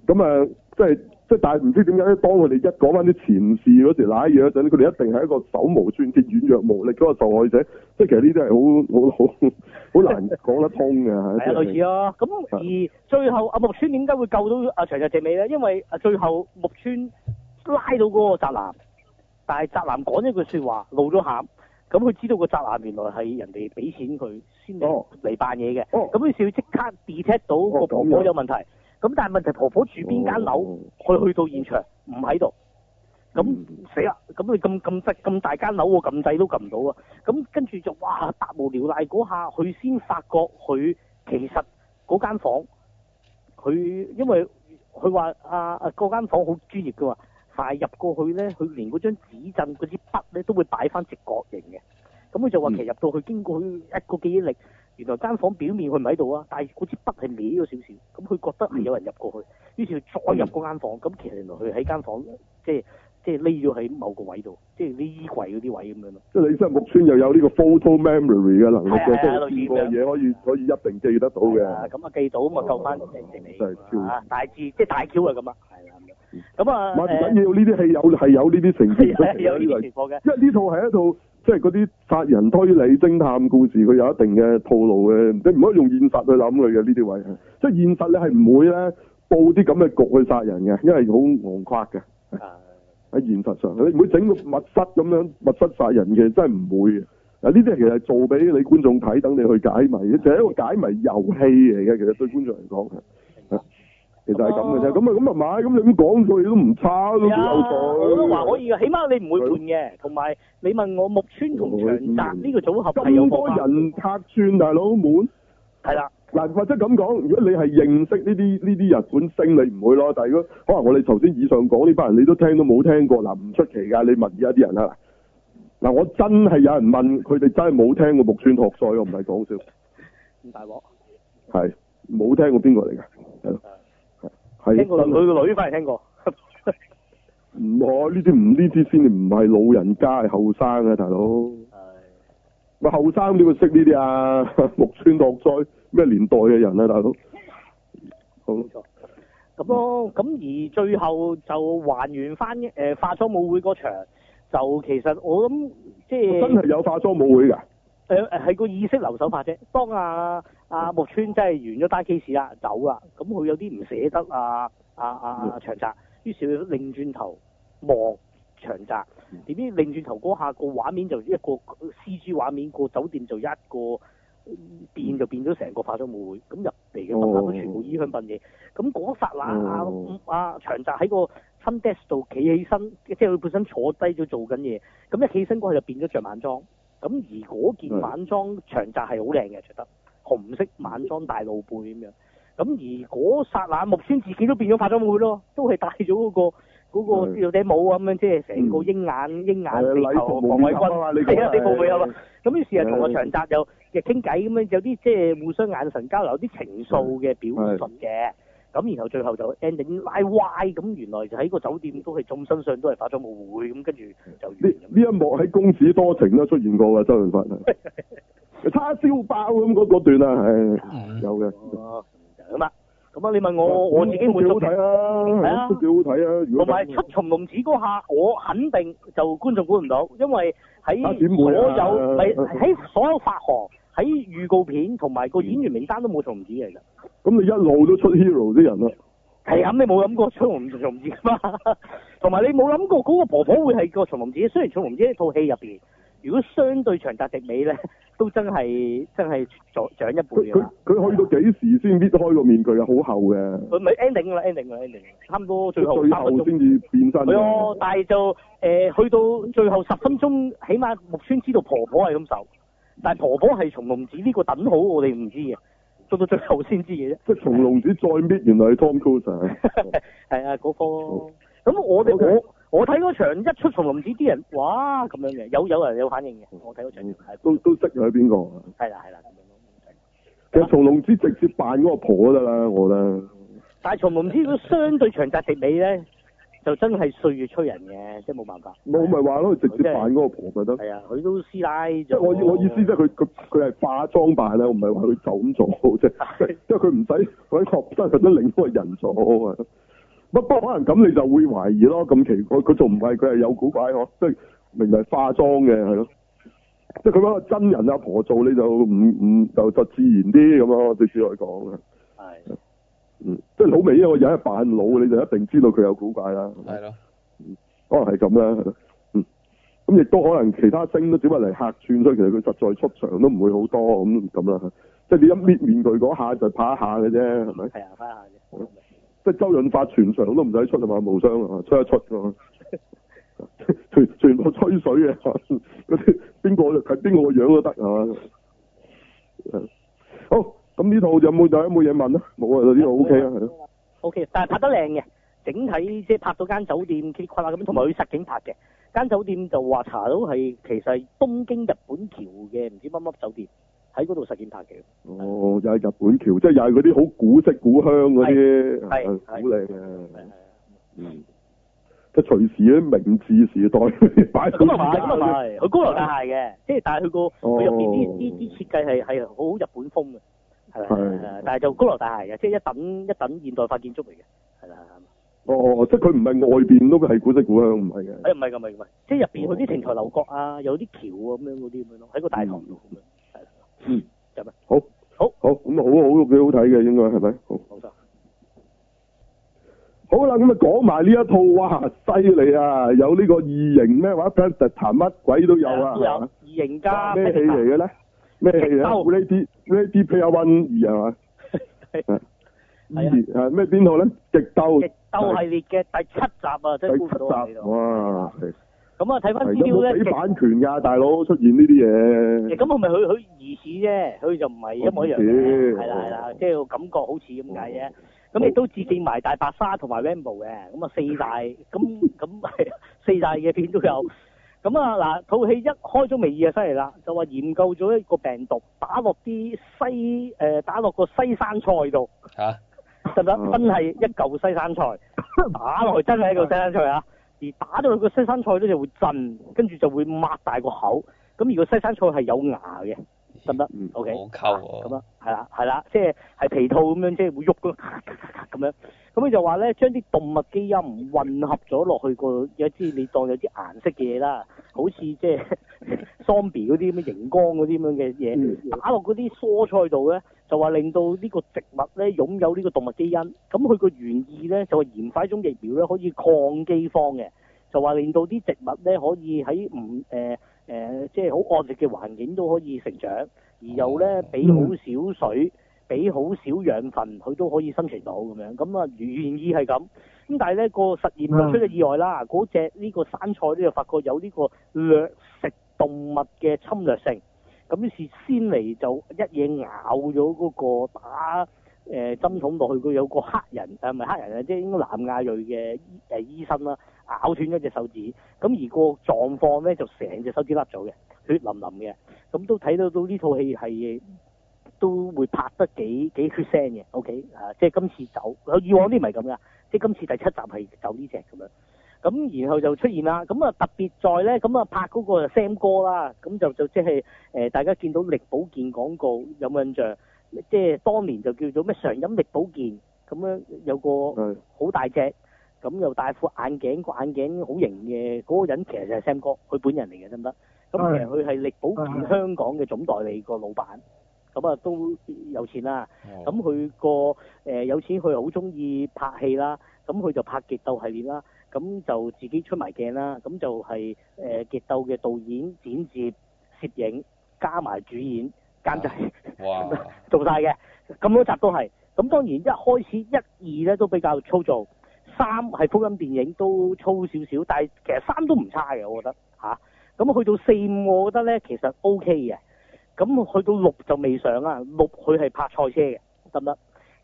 咁啊，即係即係，但係唔知點解咧？當佢哋一講翻啲前事嗰時，瀨嘢嗰陣，佢哋一定係一個手無寸鐵、軟弱無力嗰個受害者。即係其實呢啲係好、好、好、好難講得通嘅。係、 [laughs] 就是、類似咯、哦。咁而最後阿木村點解會救到阿長澤正美咧？因為阿最後木村拉到嗰個宅男，但係宅男講咗句說話，露咗餡。咁佢知道個宅男原來係人哋俾錢佢先嚟嚟辦嘢嘅，咁佢就要即刻 detect 到個婆婆有問題。咁、哦哦哦哦、但係問題婆婆住邊間樓？佢、哦、去到現場唔喺度，咁死啦！咁佢咁咁大咁大間樓，喎，咁細都撳唔到啊！咁跟住就哇百無聊賴嗰下，佢先發覺佢其實嗰間房，佢因為佢話啊，嗰間房好專業嘅話。但係入過去咧，佢連嗰張紙陣嗰支筆咧，都會擺翻直角形嘅。咁、嗯、佢、嗯、就話其實入到去經過佢一個記憶力，原來間房表面佢唔喺度啊，但係嗰支筆係歪咗少少。咁佢覺得係有人入過去，嗯、於是再入個間房。咁、嗯、其實原來佢喺間房，即係即係匿咗喺某個位度，即係啲衣櫃嗰啲位咁樣咯。即係李生木村又有呢個 photo memory 嘅能力嘅、啊，即係見過嘢可以可以一定記得得到嘅。咁啊記到咁啊救翻即係即大致即係大 Q 啊咁啊！咁、嗯、啊，唔緊要呢啲係有係有呢啲成績嘅， [laughs] 因為呢套係一套即係嗰啲殺人推理偵探故事，佢有一定嘅套路嘅，你唔可以用現實去諗佢嘅呢啲位。即係現實咧係唔會咧佈啲咁嘅局去殺人嘅，因為好矇朧嘅。喺、啊、現實上，你唔會整個密室咁樣密室殺人嘅，真係唔會嘅。啊，呢啲其實係做俾你觀眾睇，等你去解謎，就係一個解謎遊戲嚟嘅。其實對觀眾嚟講。其實係咁嘅啫，咁啊咁啊買，咁你咁講佢都唔差，都好、啊、冇錯。我都話可以嘅，起碼你唔會判嘅。同埋你問我木村同長澤呢個組合係點？咁多人拆穿大佬滿係啦嗱，或者咁講，如果你係認識呢啲呢啲日本星，你唔會咯。但係如果可能，我哋頭先以上講呢班人，你都聽都冇聽過嗱，唔出奇噶。你問而家啲人啊嗱，嗱，我真係有人問佢哋真係冇聽過木村拓哉，我唔係講笑咁大鑊，係冇聽過邊個嚟噶？係佢佢個女返嚟聽過，唔係呢啲唔呢啲先唔係老人家，係後生啊，大佬。係咪後生點會識呢啲啊？木村拓哉咩年代嘅人啊，大佬。冇錯。咁咯，咁而最後就還原翻誒化妝舞會嗰場，就其實我諗即係真係有化妝舞會噶。誒、呃、誒，係個意識流手法啫，當啊。阿、啊、木村真係完咗單 case 啦，走啦。咁佢有啲唔捨得啊，啊啊！長澤，於是佢擰轉頭望長澤，點知擰轉頭嗰下，個畫面就一個 C G 畫面，個酒店就一個變就變咗成個化妝舞會。咁入嚟嘅大家都全部衣香鬢影。咁嗰剎那，那啊長、啊啊啊、長澤喺個新 desk 度企起身，即係佢本身坐低咗做緊嘢。咁一起身過去，就變咗着晚裝。咁而嗰件晚裝長澤係好靚嘅着得。紅色晚裝大露背咁樣，咁而嗰剎那目先自己都變咗化妝舞會咯，都係戴咗嗰個嗰、嗰個帽咁樣，即係成個鷹眼鷹眼鼻頭王偉君，即係啲舞會有啊！咁於是啊同阿長澤又日傾偈咁樣，有啲即係互相眼神交流，啲情愫嘅表達嘅。咁然後最後就 ending 拉歪咁，原來就喺個酒店都係眾身上都係化妝舞會咁，跟住就呢呢一幕喺《公子多情》都出現過嘅，周潤發 [laughs] 叉燒包咁嗰段啊，係有嘅。咁、嗯、啊，咁、嗯、啊，嗯、你問我、嗯、我自己會好睇啊？係啊，都幾好睇啊。同埋出從龍池嗰下，我肯定就觀眾估唔到，因為喺所有、啊啊、喺所有發行。喺預告片同埋個演員名單都冇松隆子嚟噶，咁、嗯、你一路都出 hero 啲人啦，係啊、嗯，你冇諗過出松隆、松隆子嘛？同埋 [laughs] 你冇諗過嗰個婆婆會係個松隆子，雖然松隆子呢套戲入邊，如果相對長澤迪尾咧，都真係真係長長一倍㗎。佢佢去到幾時先搣開個面具啊？好厚嘅。佢咪 ending 啦，ending 啦，ending，差唔多最後。最後先至變身。係啊、哦，但係就誒、呃、去到最後十分鐘，起碼木村知道婆婆係咁受。但係婆婆係松隆子呢，這個等好，我哋唔知嘅，做到最後先知嘅啫。即係松隆子再搣， [laughs] 原來係是 Tom Cruise。係啊，嗰、那、科、個。咁、嗯、我哋、okay. 我我睇嗰場一出松隆子，啲人哇咁樣嘅，有有人有反應嘅。我睇嗰場嘅、嗯，都都識咗係邊個。係啦係啦。其實松隆子直接扮嗰個婆得啦，我覺得、嗯。但係松隆子都相對長澤直美咧。就真係歲月催人嘅，即係冇辦法。唔係我咪話咯，直接扮嗰個婆咪得。係、就是、啊，佢都師奶。即我我意思，即係佢佢佢係化妝扮，我唔係話佢走咗啫。即係佢唔使佢確實係都另個人咗啊。不過可能咁，你就會懷疑咯。咁奇怪，佢仲唔係佢係有古怪呵、啊？即係明係化妝嘅係咯。即係佢嗰個真人阿婆，婆做，你就唔唔就就自然啲咁樣。對此嚟講嗯，即係老尾呢個有一扮老，你就一定知道佢有古怪啦。係咯、嗯，可能係咁啦。嗯，咁、嗯、亦、嗯、都可能其他星都只不過嚟客串，所以其實佢實在出場都唔會好多咁咁啦。即係你一搣面具嗰下就拍一下嘅啫，係咪？係啊，拍一下啫、嗯嗯。即係周潤發全場都唔使出啊嘛，無雙啊出一出噶全 [laughs] 全部吹水嘅，嗰啲邊個睇邊個樣都得啊。好。咁呢套有冇大家冇嘢問啦，冇啊，呢套 O K 啊，係咯、OK 啊。嗯、o、okay, K，但係拍得靚嘅，整體即係拍到間酒店，佢規劃咁樣，同埋佢實景拍嘅、嗯。間酒店就話查到係其實係東京日本橋嘅，唔知乜乜酒店喺嗰度實景拍嘅。哦，又係日本橋，即係又係嗰啲好古色古香嗰啲，係係好靚嘅，嗯，即係隨時嗰啲明治時代， [laughs] 擺啊、係係高樓大佢高樓大廈嘅，即係但係佢、個佢入、哦、面啲啲設計係係好日本風嘅。係係，但係就高樓大廈嘅，即係一等一等現代化建築嚟嘅，係啦、哦。哦，即係佢唔係外邊咯，佢係古色古香，唔係嘅。誒，唔係咁咪，係，唔係，即係入邊有啲亭台樓閣啊，有啲橋啊咁樣嗰啲咁樣咯，喺個大堂度咁樣，係啦。嗯，係咩、嗯？好，好，好，咁啊好啊，好咯，幾好睇嘅，應該係咪？好，冇好啦，咁啊講埋呢一套哇，犀利啊！有呢個異形咩話？Fantastic 乜鬼都有啊！都有異形加咩戲嚟嘅咧？咩戲啊？呢啲呢啲片啊，溫儀係嘛？溫儀係咩邊套咧？《極斗》《極斗》系列嘅第七集啊，即係《孤墳》咯。哇！咁啊，睇翻資料咧，俾版權噶大佬出現呢啲嘢。咁係咪佢佢疑似啫，佢就唔係一模一樣嘅，係啦係啦，即係感覺好似咁解啫。咁亦都致敬埋大白鯊同埋《Rambo》嘅，咁啊四大咁咁係四大嘅片都有。咁啊嗱，套戲一開咗未二就犀利啦，就話研究咗一個病毒，打落啲西誒、呃，打落、啊、個西山菜度，吓，得唔得？真係一嚿西山菜打落去，真係一嚿西山菜啊！而打咗落個西山菜咧，就會震，跟住就會擘大個口。咁如果西山菜係有牙嘅，得唔得？OK 好溝喎。咁、okay? 啊，係啦係啦，即係係皮套咁樣，即係會喐噶，咁樣。咁佢就話咧，將啲動物基因混合咗落去個，有啲你當有啲顏色嘅嘢啦，好似即係 zombie 嗰啲咁嘅熒光嗰啲咁嘅嘢，打落嗰啲蔬菜度咧，就話令到呢個植物咧擁有呢個動物基因，咁佢個原意咧就係研發一種疫苗咧可以抗饑荒嘅，就話令到啲植物咧可以喺唔、呃呃、即係好惡劣嘅環境都可以成長，而又咧俾好少水。嗯俾好少養分，佢都可以生存到咁樣，咁啊原意係咁。咁但係咧、嗰個實驗就出咗意外啦，嗰隻呢個生菜咧就發覺有呢個掠食動物嘅侵略性。咁於是先嚟就一嘢咬咗嗰、嗰個打誒、呃、針筒落去，佢有個黑人係咪、呃、黑人啊，即係應該南亞裔嘅醫生啦，咬斷咗隻手指。咁而嗰個狀況咧就成隻手指甩咗嘅，血淋淋嘅。咁都睇到到呢套戲係。都會拍得幾幾血腥嘅，OK 啊，即係今次走，佢以往啲唔係咁噶，即係今次第七集係走呢隻咁樣，咁然後就出現啦，咁啊特別在咧，咁啊拍嗰個 Sam 哥啦，咁就就即係誒大家見到力保健廣告有冇印象？即係當年就叫做咩常飲力保健，咁樣有個好大隻，咁又戴副眼鏡，個眼鏡好型嘅嗰個人，其實就係 Sam 哥，佢本人嚟嘅得唔得？咁其實佢係力保健香港嘅總代理個老闆。咁、嗯、啊都有錢啦，咁、哦、佢個、呃、有錢，佢又好中意拍戲啦，咁佢就拍極鬥系列啦，咁就自己出埋鏡啦，咁就係誒極鬥嘅、呃、導演、剪接、攝影加埋主演監製，監製啊、 [laughs] 做晒嘅咁多集都係，咁當然一開始一二咧都比較粗糙，三係福音電影都粗少少，但係其實三都唔差嘅，我覺得咁、啊、去到四五，我覺得咧其實 O K 嘅。咁去到六就未上啊，六佢係拍賽車嘅，得唔得？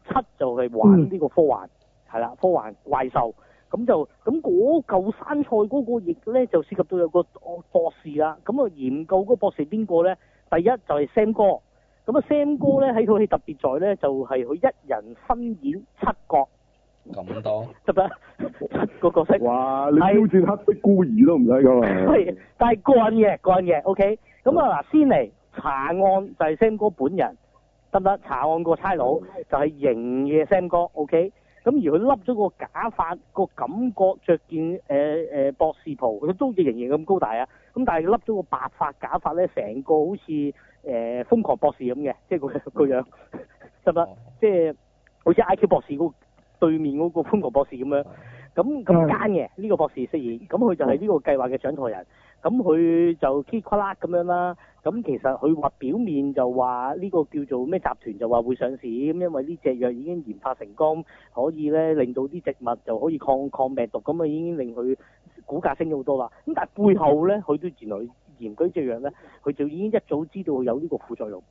七就係玩呢個科幻，係、嗯、啦，科幻怪獸。咁就咁嗰嚿山菜嗰個亦咧，就涉及到有個博士啦。咁啊，研究嗰個博士邊個咧？第一就係 Sam 哥。咁啊，Sam 哥咧喺套戲特別在咧，就係、是、佢一人分演七角，咁多，得唔得？七個角色。哇！你挑戰黑色孤兒都唔使咁。係，但係干嘅，干、嗯、嘅，OK。咁啊，嗱，先嚟。查案就係 Sam 哥本人，得唔得？查案個差佬就係型嘅 Sam 哥，OK？咁而佢笠咗個假髮，個感覺着件誒、呃、博士袍，佢都仍然咁高大啊！咁但係佢笠咗個白髮假髮咧，成個好似誒、呃、瘋狂博士咁嘅，即係個樣樣，得唔得？即係好似 IQ 博士嗰對面嗰個瘋狂博士咁樣，咁 [laughs] 咁奸嘅呢 [laughs] 個博士飾演，咁佢就係呢個計劃嘅掌舵人。咁佢就 key cut 啦咁樣啦，咁其實佢話表面就話呢個叫做咩集團就話會上市，咁因為呢隻藥已經研發成功，可以呢令到啲植物就可以抗抗病毒，咁啊已經令佢股價升咗好多啦。咁但係背後呢，佢都原來研究呢隻藥呢，佢就已經一早知道有呢個副作用，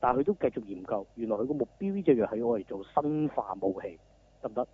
但係佢都繼續研究。原來佢個目標呢隻藥係用嚟做生化武器，得唔得？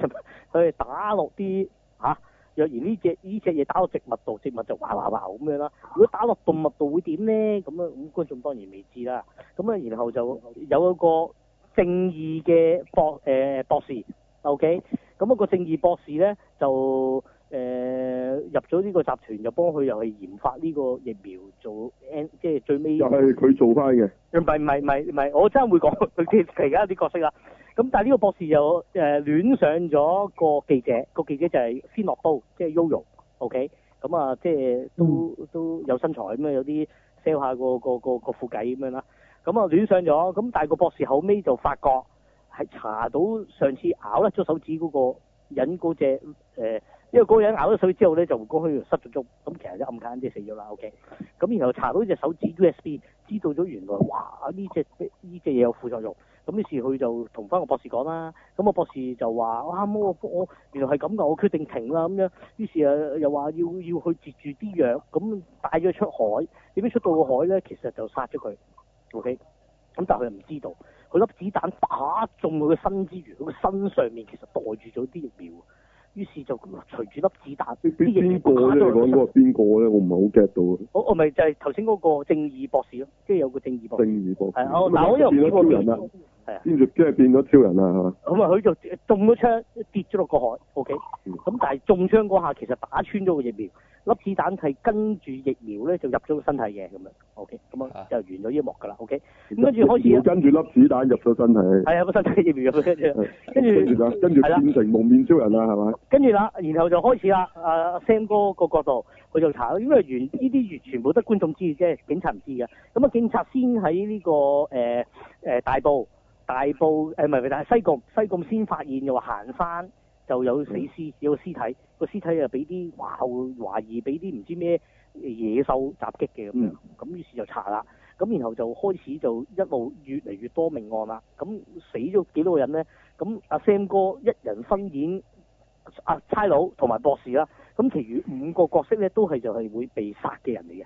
佢所以打落啲嚇。啊。若然呢隻呢隻嘢打到植物度，植物就嘩嘩嘩咁樣啦。如果打落動物度會點咧？咁啊，咁觀眾當然未知啦。咁啊，然後就有一個正義嘅博、呃、博士，OK。咁啊個正義博士咧就誒、呃、入咗呢個集團，就幫佢又係研發呢個疫苗做 N，即係最尾。就係佢做翻嘅。唔係唔係唔係唔係我真係會講佢佢而家啲角色啦。咁但係呢個博士又誒、呃、戀上咗個記者，個記者就係仙樂煲，即係 Yoyo，OK，咁啊，即係都都有身材咁樣，有啲 sell 下個個個個副計咁樣啦。咁、嗯、啊戀上咗，咁但係個博士後尾就發覺係查到上次咬甩咗手指嗰個人嗰隻誒，因為個人咬咗手之後咧就去虛失咗足，咁其實就暗間即係死咗啦，OK、嗯。咁然後查到呢隻手指 USB，知道咗原來哇呢隻呢隻嘢有副作用。咁於是佢就同翻個博士講啦，咁個博士就話：啱冇我我原來係咁噶，我決定停啦咁樣。於是又話要要去截住啲藥，咁帶咗佢出海。點知出到個海咧，其實就殺咗佢。OK，咁但係佢又唔知道，佢粒子彈打中佢個身之餘，佢個身上面其實袋住咗啲疫苗。於是就隨住粒子彈，啲邊個咧？你講嗰個邊個咧？我唔係好 get 到。我我咪就係頭先嗰個正義博士咯，即係有個正義博士。正義博士係啊，嗱我又唔係變咗超人啦，係啊，跟住即係變咗超人啦，係嘛？咁啊，佢就中咗槍，跌咗落個海，OK。咁但係中槍嗰下，其實打穿咗個疫苗。粒子彈係跟住疫苗咧就入咗個身體嘅咁樣，OK，咁啊就完咗呢一幕噶啦，OK，咁跟住開始。跟住粒子彈入咗身體。係啊，個身體疫苗咁 [laughs] 跟住，跟住。跟住跟住變成蒙面超人啦，係咪？跟住啦，然後就開始啦。阿、啊、Sam 哥個角度，佢就查，因為完呢啲完全部得觀眾知即啫，警察唔知嘅。咁啊，警察先喺呢、這個誒、呃呃、大埔大埔誒唔係，但、呃、係西貢西貢先發現又話行山。就有死屍，嗯、有個屍體，個屍體又俾啲懷疑，懷疑俾啲唔知咩野獸襲擊嘅咁樣，咁於是就查啦，咁然後就開始就一路越嚟越多命案啦，咁死咗幾多個人咧？咁阿 Sam 哥一人分演阿差佬同埋博士啦，咁其餘五個角色咧都係就係會被殺嘅人嚟嘅，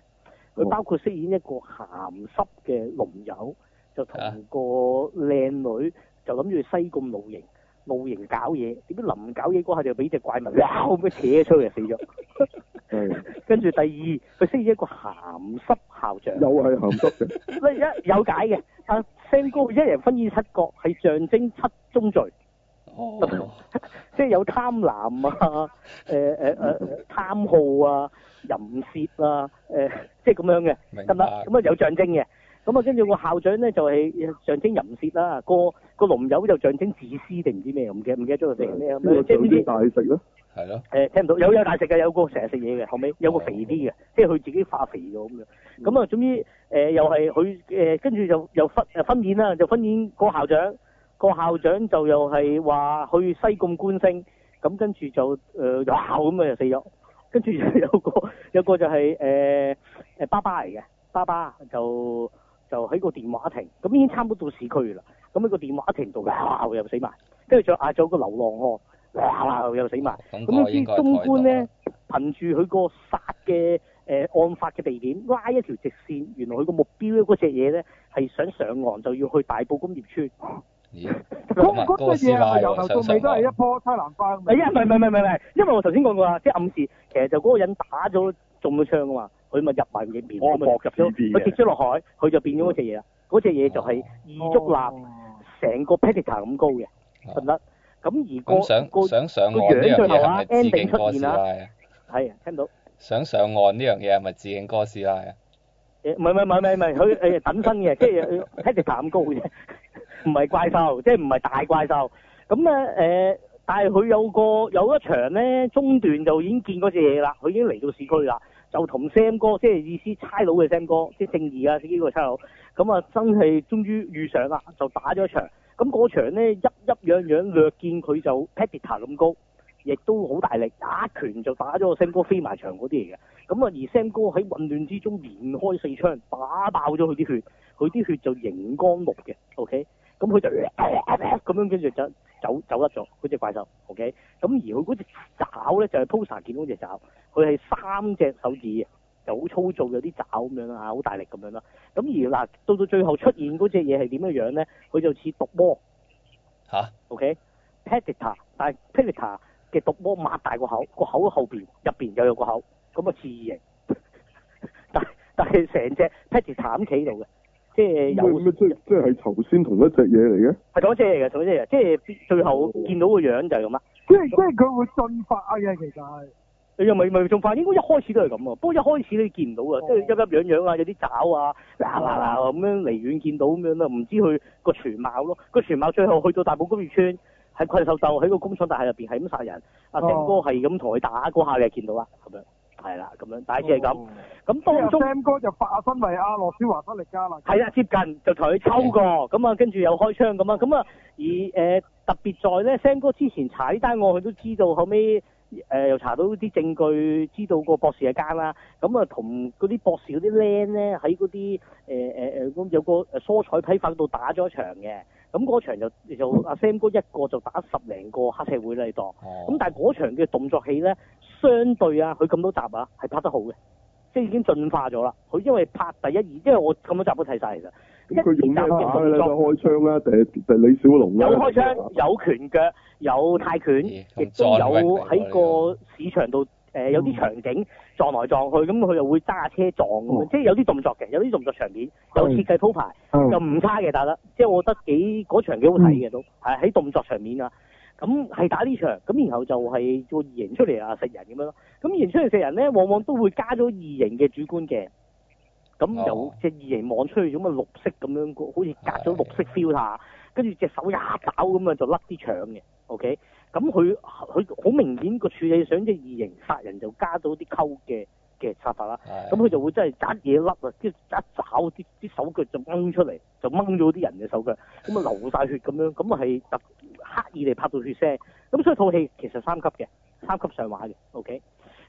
佢、嗯、包括飾演一個鹹濕嘅龍友，就同個靚女就諗住西貢露營。露營搞嘢，點解臨搞嘢嗰下就俾隻怪物哇咁樣扯出去死咗？ [laughs] [laughs] 跟住第二，佢識咗一個鹹濕校長，又係鹹濕嘅。 [laughs] [laughs] 有解嘅，阿 Sam 哥一人分於七角，係象徵七宗罪。Oh. [laughs] 即係有貪婪啊，誒誒誒貪號啊，淫褻啊，誒、呃、即係咁樣嘅，得啦，咁啊有象徵嘅。咁、嗯、啊，跟住個校長咧就係、是、象徵淫舌啦，那個、那個龍友就象徵自私定唔知咩唔嘅，唔記得咗佢哋咩。即係啲大食咯，係咯。誒，聽唔到，有有大食嘅，有個成日食嘢嘅，後尾有個肥啲嘅，即係佢自己化肥咗咁樣。咁、嗯、啊、嗯，總之誒、呃、又係佢誒，跟住、呃、就又婚誒婚宴啦，就婚宴個校長、那個校長就又係話去西貢觀星，咁跟住就有校咁啊死咗，跟住有個有個就係誒誒爸爸嚟嘅爸爸就。就喺個電話亭，咁已經差唔多到市區啦。咁喺個電話亭度，哇！又死埋，跟住仲嗌咗個流浪漢，又死埋。咁、那個，呢啲東官咧，憑住佢個殺嘅，誒、呃，案發嘅地點，拉一條直線，原來佢個目標咧，嗰隻嘢咧，係想上岸就要去大埔工業村。咦、欸？嗰嗰隻嘢由頭到尾都係一棵西蘭花。哎呀，唔係唔係唔係唔係，因為我頭先講過啦，即係暗示，其實就嗰個人打咗。中咗槍啊嘛，佢咪入埋嘅面，佢搏入咗，佢跌咗落海，佢就變咗嗰隻嘢啦。嗰隻嘢就係二足立，成個 petite 咁高嘅粉粒。咁而個想想上岸呢樣嘢係唔係致敬哥斯拉？係啊，聽到。想上岸呢樣嘢係咪致敬哥斯拉啊？誒，唔係唔係唔係唔係，佢誒等身嘅，即係 petite 咁高嘅，唔係怪獸，即係唔係大怪獸。咁誒？但係佢有個有一場呢，中段就已經見嗰隻嘢啦，佢已經嚟到市區啦，就同 Sam 哥即係意思差佬嘅 Sam 哥，即，哥即正義啊呢個差佬，咁啊真係終於遇上啦，就打咗場。咁、那、嗰、個、場呢，一一樣樣略見佢就 Petita 咁高，亦都好大力打一拳就打咗個 Sam 哥飛埋牆嗰啲嚟嘅。咁啊而 Sam 哥喺混亂之中連開四槍打爆咗佢啲血，佢啲血就螢光木嘅。OK。咁、嗯、佢就咁、啊啊、樣，跟住就走走甩咗嗰隻怪獸，OK？咁而佢嗰隻爪咧，就係 Pulsar 見到隻爪，佢係三隻手指，就好粗糙，有啲爪咁樣啦，吓，好大力咁樣啦。咁、嗯、而嗱，到到最後出現嗰隻嘢係點樣樣咧？佢就似毒魔吓、啊、o k、OK? Predator 但係 Predator 嘅毒魔擘大個口，個口後邊入邊又有個口，咁個刺形， [laughs] 但但係成隻 Predator 咁企度嘅。即係有即係即頭先同一隻嘢嚟嘅係同一隻嚟嘅，同一隻嚟嘅，即係最後見到個樣就係咁啊。即係即係佢會進化啊！其實你又咪咪進化，應該一開始都係咁啊！不過一開始你見唔到啊、哦，即係一粒樣樣啊，有啲爪啊，嗱嗱嗱咁樣離遠見到咁樣啦，唔知佢、個全貌咯。個全貌最後去到大埔工業村，喺困獸鬥喺個工廠大廈入面，係咁殺人，阿、哦、正哥係咁同佢打過下你見到啊，係咪？係啦，咁樣大致係咁。咁、哦、當中、啊、，Sam 哥就化身為阿諾舒華辛力加啦。係啊，接近就同佢抽過，咁、嗯、啊，跟住又開槍咁啊。咁、嗯、啊，而誒、呃嗯、特別在咧，Sam 哥之前踩單案，我佢都知道後。後尾誒又查到啲證據，知道個博士嘅奸啦。咁、嗯呃呃嗯、啊，同嗰啲博士嗰啲僆咧，喺嗰啲誒有個蔬菜批發度打咗場嘅。咁嗰場就就阿 Sam 哥一個就打十零個黑社會嚟度。咁、嗯、但係嗰場嘅動作戲咧。相對啊，佢咁多集啊，係拍得好嘅，即係已經進化咗啦。佢因為拍第一二，因為我咁多集都睇晒。其實。一集嘅動作。有開槍啦、啊，定定李小龍、啊、有開槍，有拳腳，有泰拳，亦、嗯、都、欸、有喺個市場度誒、嗯呃，有啲場景撞來撞去，咁佢又會揸架車撞咁、哦、即係有啲動作嘅，有啲動作場面，有設計鋪排，又、嗯、唔差嘅，打得，即係我覺得幾嗰場幾好睇嘅、嗯、都，係喺動作場面啊。咁係打呢場，咁然後就係個異形出嚟啊，食人咁樣咯。咁異形出嚟食人咧，往往都會加咗異形嘅主觀鏡。咁有隻異形望出去咁啊，綠色咁樣，好似隔咗綠色 filter，跟住隻手一掗咁啊，就甩啲腸嘅。OK，咁佢佢好明顯個處理上隻異形殺人就加咗啲溝嘅。嘅殺法啦，咁佢、嗯、就會真係一嘢甩啊，跟住一爪啲啲手腳就掹出嚟，就掹咗啲人嘅手腳，咁啊流晒血咁樣，咁啊係特刻意地拍到血腥，咁、嗯、所以套戲其實三級嘅，三級上畫嘅，OK，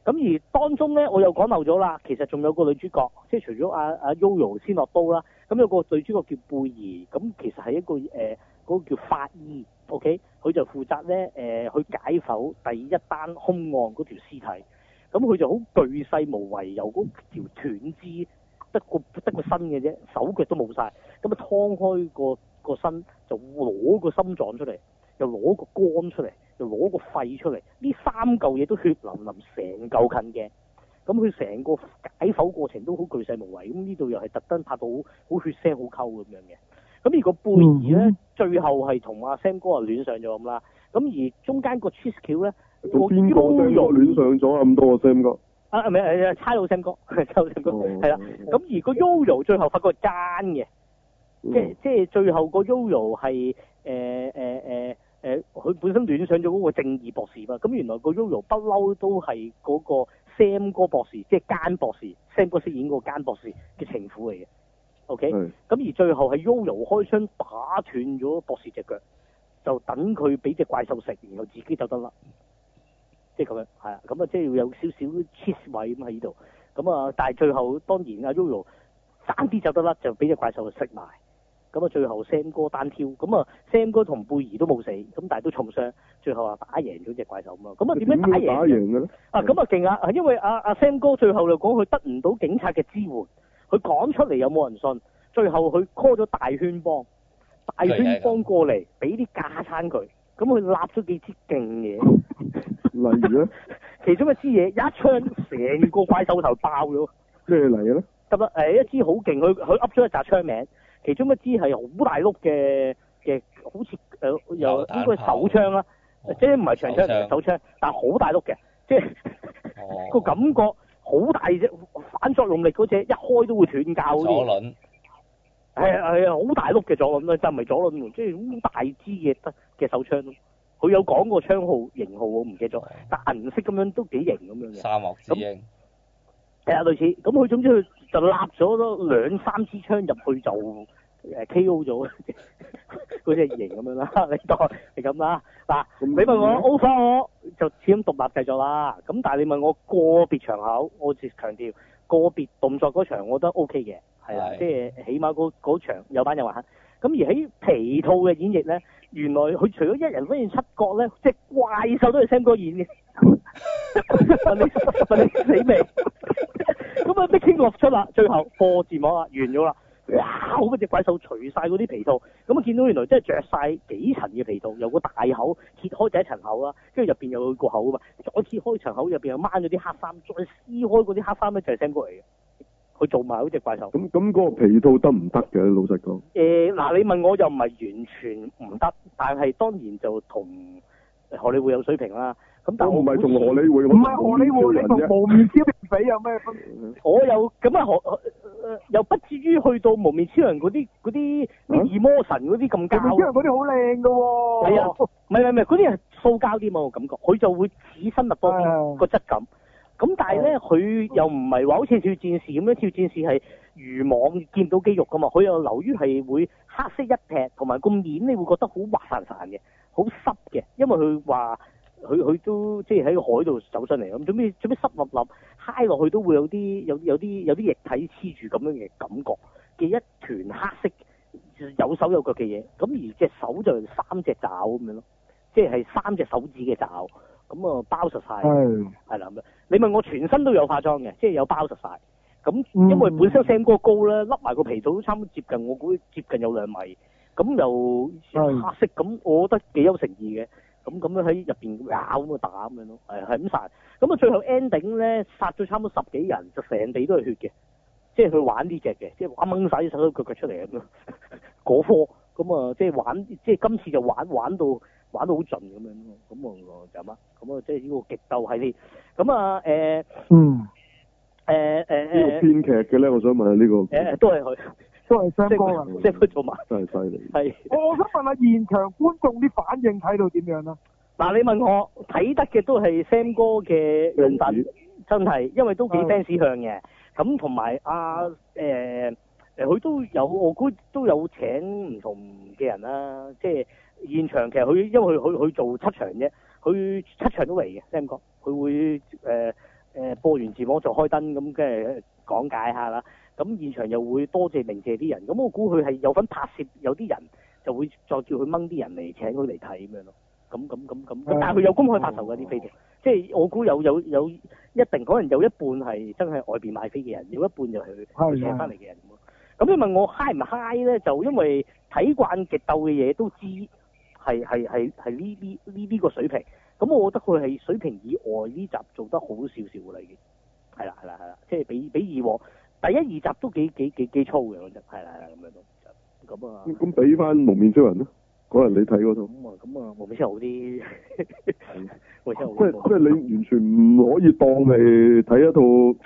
咁、嗯、而當中咧我又講漏咗啦，其實仲有個女主角，即係除咗阿阿 Yoyo 先落刀啦，咁、嗯、有個女主角叫貝兒，咁、嗯、其實係一個誒嗰、呃嗰個叫法醫，OK，佢就負責咧、呃、去解剖第一單兇案嗰條屍體。咁佢就好巨細無遺，有嗰條斷肢，得個得個身嘅啫，手腳都冇晒。咁啊，劏開個個身就攞個心臟出嚟，又攞個肝出嚟，又攞個肺出嚟。呢三嚿嘢都血淋淋，成嚿近嘅。咁佢成個解剖過程都好巨細無遺。咁呢度又係特登拍到好血腥、好溝咁樣嘅。咁而那個半兒咧，mm -hmm. 最後係同阿 Sam 哥啊戀上咗咁啦。咁而中間個 c h e e s e k 咧。做邊個先？戀上咗咁多個 Sam 哥啊，唔係係差佬 Sam 哥，差、啊、佬 Sam 哥係啦。咁、oh. [laughs] 而個 Yoyo 最後發覺係奸嘅、oh.，即係即係最後個 Yoyo 係誒誒誒誒，佢、呃呃呃呃、本身戀上咗嗰個正義博士嘛。咁原來個 Yoyo 不嬲都係嗰個 Sam 哥博士，即係奸博士、oh.，Sam 哥飾演嗰個奸博士嘅情婦嚟嘅。OK，咁、oh. 而最後係 Yoyo 開槍打斷咗博士隻腳，就等佢俾隻怪獸食，然後自己就得啦。即係咁樣，係啊，咁啊，即係要有少少芝士位咁喺呢度，咁啊，但係最後當然阿 Yoyo 爭啲就得甩，就俾隻怪獸食埋，咁啊，最後 Sam 哥單挑，咁啊，Sam 哥同貝兒都冇死，咁但係都重傷，最後啊打贏咗隻怪獸啊，咁啊點樣打贏打贏嘅咧？啊咁啊勁啊，因為阿、啊、阿、啊、Sam 哥最後就講，佢得唔到警察嘅支援，佢講出嚟有冇人信？最後佢 call 咗大圈幫，大圈幫過嚟俾啲架撐佢。佢咁佢立咗幾支勁嘢，例如咧， [laughs] 其中一支嘢一槍成個怪獸頭爆咗。咩嚟嘅咧？咁 [laughs] 乜？一支好勁，佢佢噏咗一紮槍名，其中一支係好大碌嘅嘅，好似誒又應該手槍啦、哦，即係唔係長槍手槍，但係好大碌嘅，即係個、哦、 [laughs] 感覺好大隻，反作用力嗰隻一開都會斷架嗰啲。左輪。係啊係啊，好大碌嘅左輪咯，就唔係左輪咯，即係好大支嘅嘅手槍咯。佢有講過槍號型號，我唔記得咗，但係銀色咁樣都幾型咁樣嘅。沙漠之鷹。係啊，類似。咁佢總之佢就立咗咗兩三支槍入去就誒、 [laughs] 啊、K.O. 咗嗰隻型咁樣啦。你當係咁啦。嗱，你問我 over，我、嗯、就始終獨立製作啦。咁但係你問我個別場口，我直強調。個別動作嗰場，我覺得 O K 嘅，係啊，即係起碼嗰、嗰個、場有班人話嚇。咁而喺皮套嘅演繹咧，原來佢除咗一人飾演七角咧，即係怪獸都係 Sam 哥演嘅。 [laughs] 問你問你死未？咁啊，逼傾落出啦？最後播字幕啊，完咗啦。哇！嗰隻怪獸除晒嗰啲皮套，咁啊見到原來真係着晒幾層嘅皮套，有個大口切開第一層口啦，跟住入面又有個口啊嘛，再切開層口入面又掹咗啲黑衫，再撕開嗰啲黑衫咧就係聲哥嚟嘅，佢做埋好隻怪獸。咁咁嗰個皮套得唔得嘅？老實講，誒、呃、嗱，你問我又唔係完全唔得，但係當然就同荷里活有水平啦。咁但我唔係同荷里活，唔係荷里活，你同無面超人比有咩分別？我又咁啊，可、呃、又不至於去到無面超人嗰啲嗰啲咩二魔神嗰啲咁膠。無面超人嗰啲好靚噶喎。係啊，唔係唔係嗰啲係塑膠啲嘛，我感覺佢就會似生物多啲、哎那個質感。咁但係咧，佢、哎、又唔係話好似跳戰士咁樣，跳戰士係漁網見到肌肉噶嘛，佢又由於係會黑色一劈，同埋個面你會覺得好滑潺潺嘅，好濕嘅，因為佢話。佢佢都即係喺個海度走出嚟咁，最屘最屘濕粒粒嗨落去都會有啲有有啲有啲液體黐住咁樣嘅感覺嘅一團黑色有手有腳嘅嘢，咁而隻手就三隻爪咁樣咯，即係三隻手指嘅爪，咁啊包實晒係啦咁。你問我全身都有化妝嘅，即係有包實晒。咁、嗯、因為本身 Sam 哥高咧，笠埋個皮草都差唔多接近我估接近有兩米，咁又黑色，咁我覺得幾有誠意嘅。咁咁樣喺入邊咬咁啊打咁樣咯，係係咁殺，咁啊最後 ending 咧殺咗差唔多十幾人，就成地都係血嘅，即係佢玩呢隻嘅，即係、那個、玩掹晒啲手手腳腳出嚟咁咯，嗰科咁啊即係玩即係今次就玩玩到玩到好盡咁樣咯，咁啊咁啊，咁啊即係呢個極斗係啲。咁啊誒，嗯，誒誒誒，這個、編劇呢個編劇嘅咧，我想問下呢個，誒、呃呃呃、都係佢。都係 Sam 哥即係佢做埋，真係犀利。係。我想問下現場觀眾啲反應睇到點樣啦？嗱、嗯，你問我睇得嘅都係 Sam 哥嘅擁躉，真係，因為都幾 fans 向嘅。咁同埋阿誒誒，佢、啊呃、都有我估都，都有請唔同嘅人啦、啊。即、就、係、是、現場，其實佢因為佢佢做七場啫，佢七場都嚟嘅 Sam 哥，佢會誒誒、呃、播完字幕就開燈咁跟住講解一下啦。咁現場又會多謝鳴謝啲人，咁我估佢係有份拍攝，有啲人就會再叫佢掹啲人嚟請佢嚟睇咁樣咯。咁咁咁咁。但係佢有公開發售嗰啲飛碟，即、就、係、是、我估有有有一定，可能有一半係真係外邊買飛嘅人，有一半就係佢請翻嚟嘅人。咁、哎、你問我嗨唔嗨呢？咧？就因為睇慣極鬥嘅嘢都知係呢啲呢啲個水平。咁我覺得佢係水平以外呢集做得好少少㗎啦已經。係啦係啦係啦，即係比比以往。第一二集都幾幾幾幾粗嘅我就，係啦咁樣都，咁啊咁俾翻蒙面超人咯，嗰日你睇嗰套，咁啊咁啊，蒙面好啲 [laughs] 是的， [laughs] 即即係你完全唔可以當係睇一套，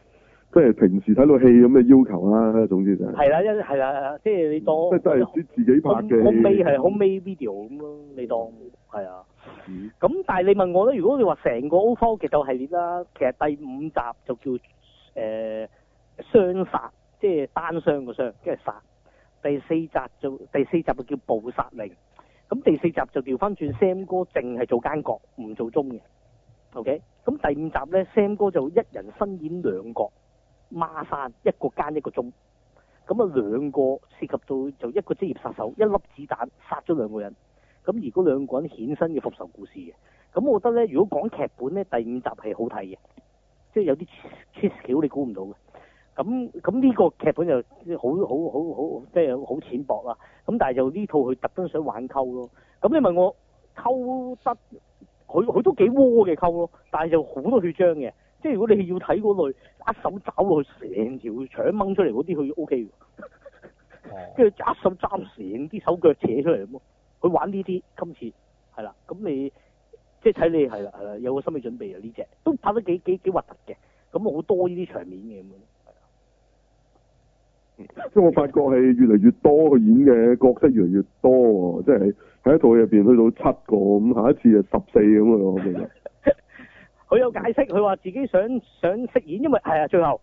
即係平時睇套戲咁嘅要求啦，總之就係啦一係啦，即係你當即係自己拍嘅，home made 係 home made video 咁咯，你當係啊，咁、嗯、但係你問我咧，如果你話成個 O4 劇鬥系列啦，其實第五集就叫誒。呃雙殺即係單雙個雙，跟住殺第四集就第四集就叫暴殺令，咁第四集就調翻轉 Sam 哥淨係做奸角唔做中嘅，OK？咁第五集呢 Sam 哥就一人身演兩角孖翻一個奸一個中，咁啊兩個涉及到就一個職業殺手一粒子彈殺咗兩個人，咁如果兩個人衍生嘅復仇故事嘅，咁我覺得呢，如果講劇本呢，第五集係好睇嘅，即係有啲 twist y 你估唔到嘅。咁咁呢個劇本就即係好好好好即係好淺薄啦。咁但係就呢套佢特登想玩溝咯。咁你問我溝得佢佢都幾窩嘅溝咯，但係就好多血漿嘅。即係如果你要睇嗰類一手抓落去成條腸掹出嚟嗰啲，佢 O K 噶。哦。跟 [laughs] 住一手揸成啲手腳扯出嚟咁佢玩呢啲，今次係啦。咁你即係睇你係啦係啦，有個心理準備啊！呢隻都拍得幾幾幾核突嘅。咁好多呢啲場面嘅咁。即 [laughs] 我發覺係越嚟越多佢演嘅角色，越嚟越多喎。即係喺一套入邊去到七個，咁下一次就十四咁啊！我明。佢 [laughs] 有解釋，佢話自己想想飾演，因為係啊、哎，最後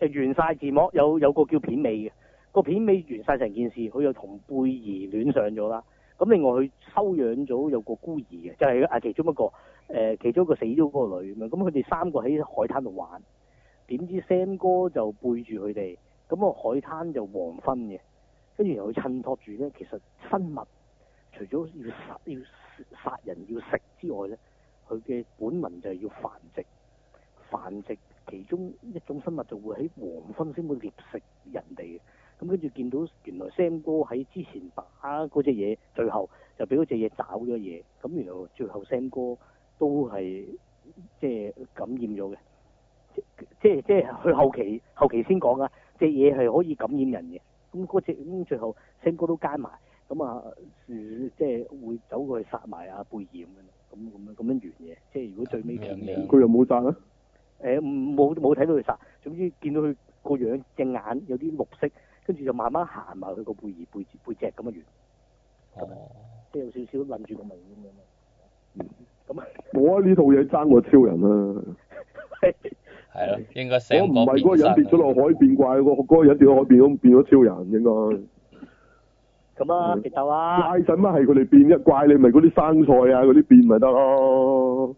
就完晒字幕，有有個叫片尾嘅、那個片尾完晒成件事，佢又同貝兒戀上咗啦。咁另外佢收養咗有個孤兒嘅，就係、是、啊其中一個誒、呃、其中一個死咗個女咁啊，咁佢哋三個喺海灘度玩，點知 Sam 哥就背住佢哋。咁個海灘就黃昏嘅，跟住又去襯托住咧。其實生物除咗要殺要殺人要食之外咧，佢嘅本能就係要繁殖繁殖。其中一種生物就會喺黃昏先會獵食人哋嘅。咁跟住見到原來 Sam 哥喺之前打嗰隻嘢，最後就俾嗰隻嘢找咗嘢。咁原來最後 Sam 哥都係即係感染咗嘅，即即即係佢後期後期先講啊！隻嘢係可以感染人嘅，咁嗰隻咁最後，聲哥都加埋，咁啊，即係會走過去殺埋阿貝爾嘅，咁咁樣咁樣完嘢，即係如果最尾佢又冇殺啊？誒、欸，冇冇睇到佢殺，總之見到佢個樣隻眼有啲綠色，跟住就慢慢行埋去個貝爾，背背脊咁樣完。哦、啊。即係有少少冧住個尾咁樣。咁啊，冇 [laughs] 啊！呢套嘢爭過超人啊。 [laughs] 係啊，應該我唔係嗰個人變咗落海變怪個嗰個人變咗海變咁變咗超人應該。咁啊，其實啊。太神乜係佢哋變一怪，你咪嗰啲生菜啊嗰啲變咪得咯。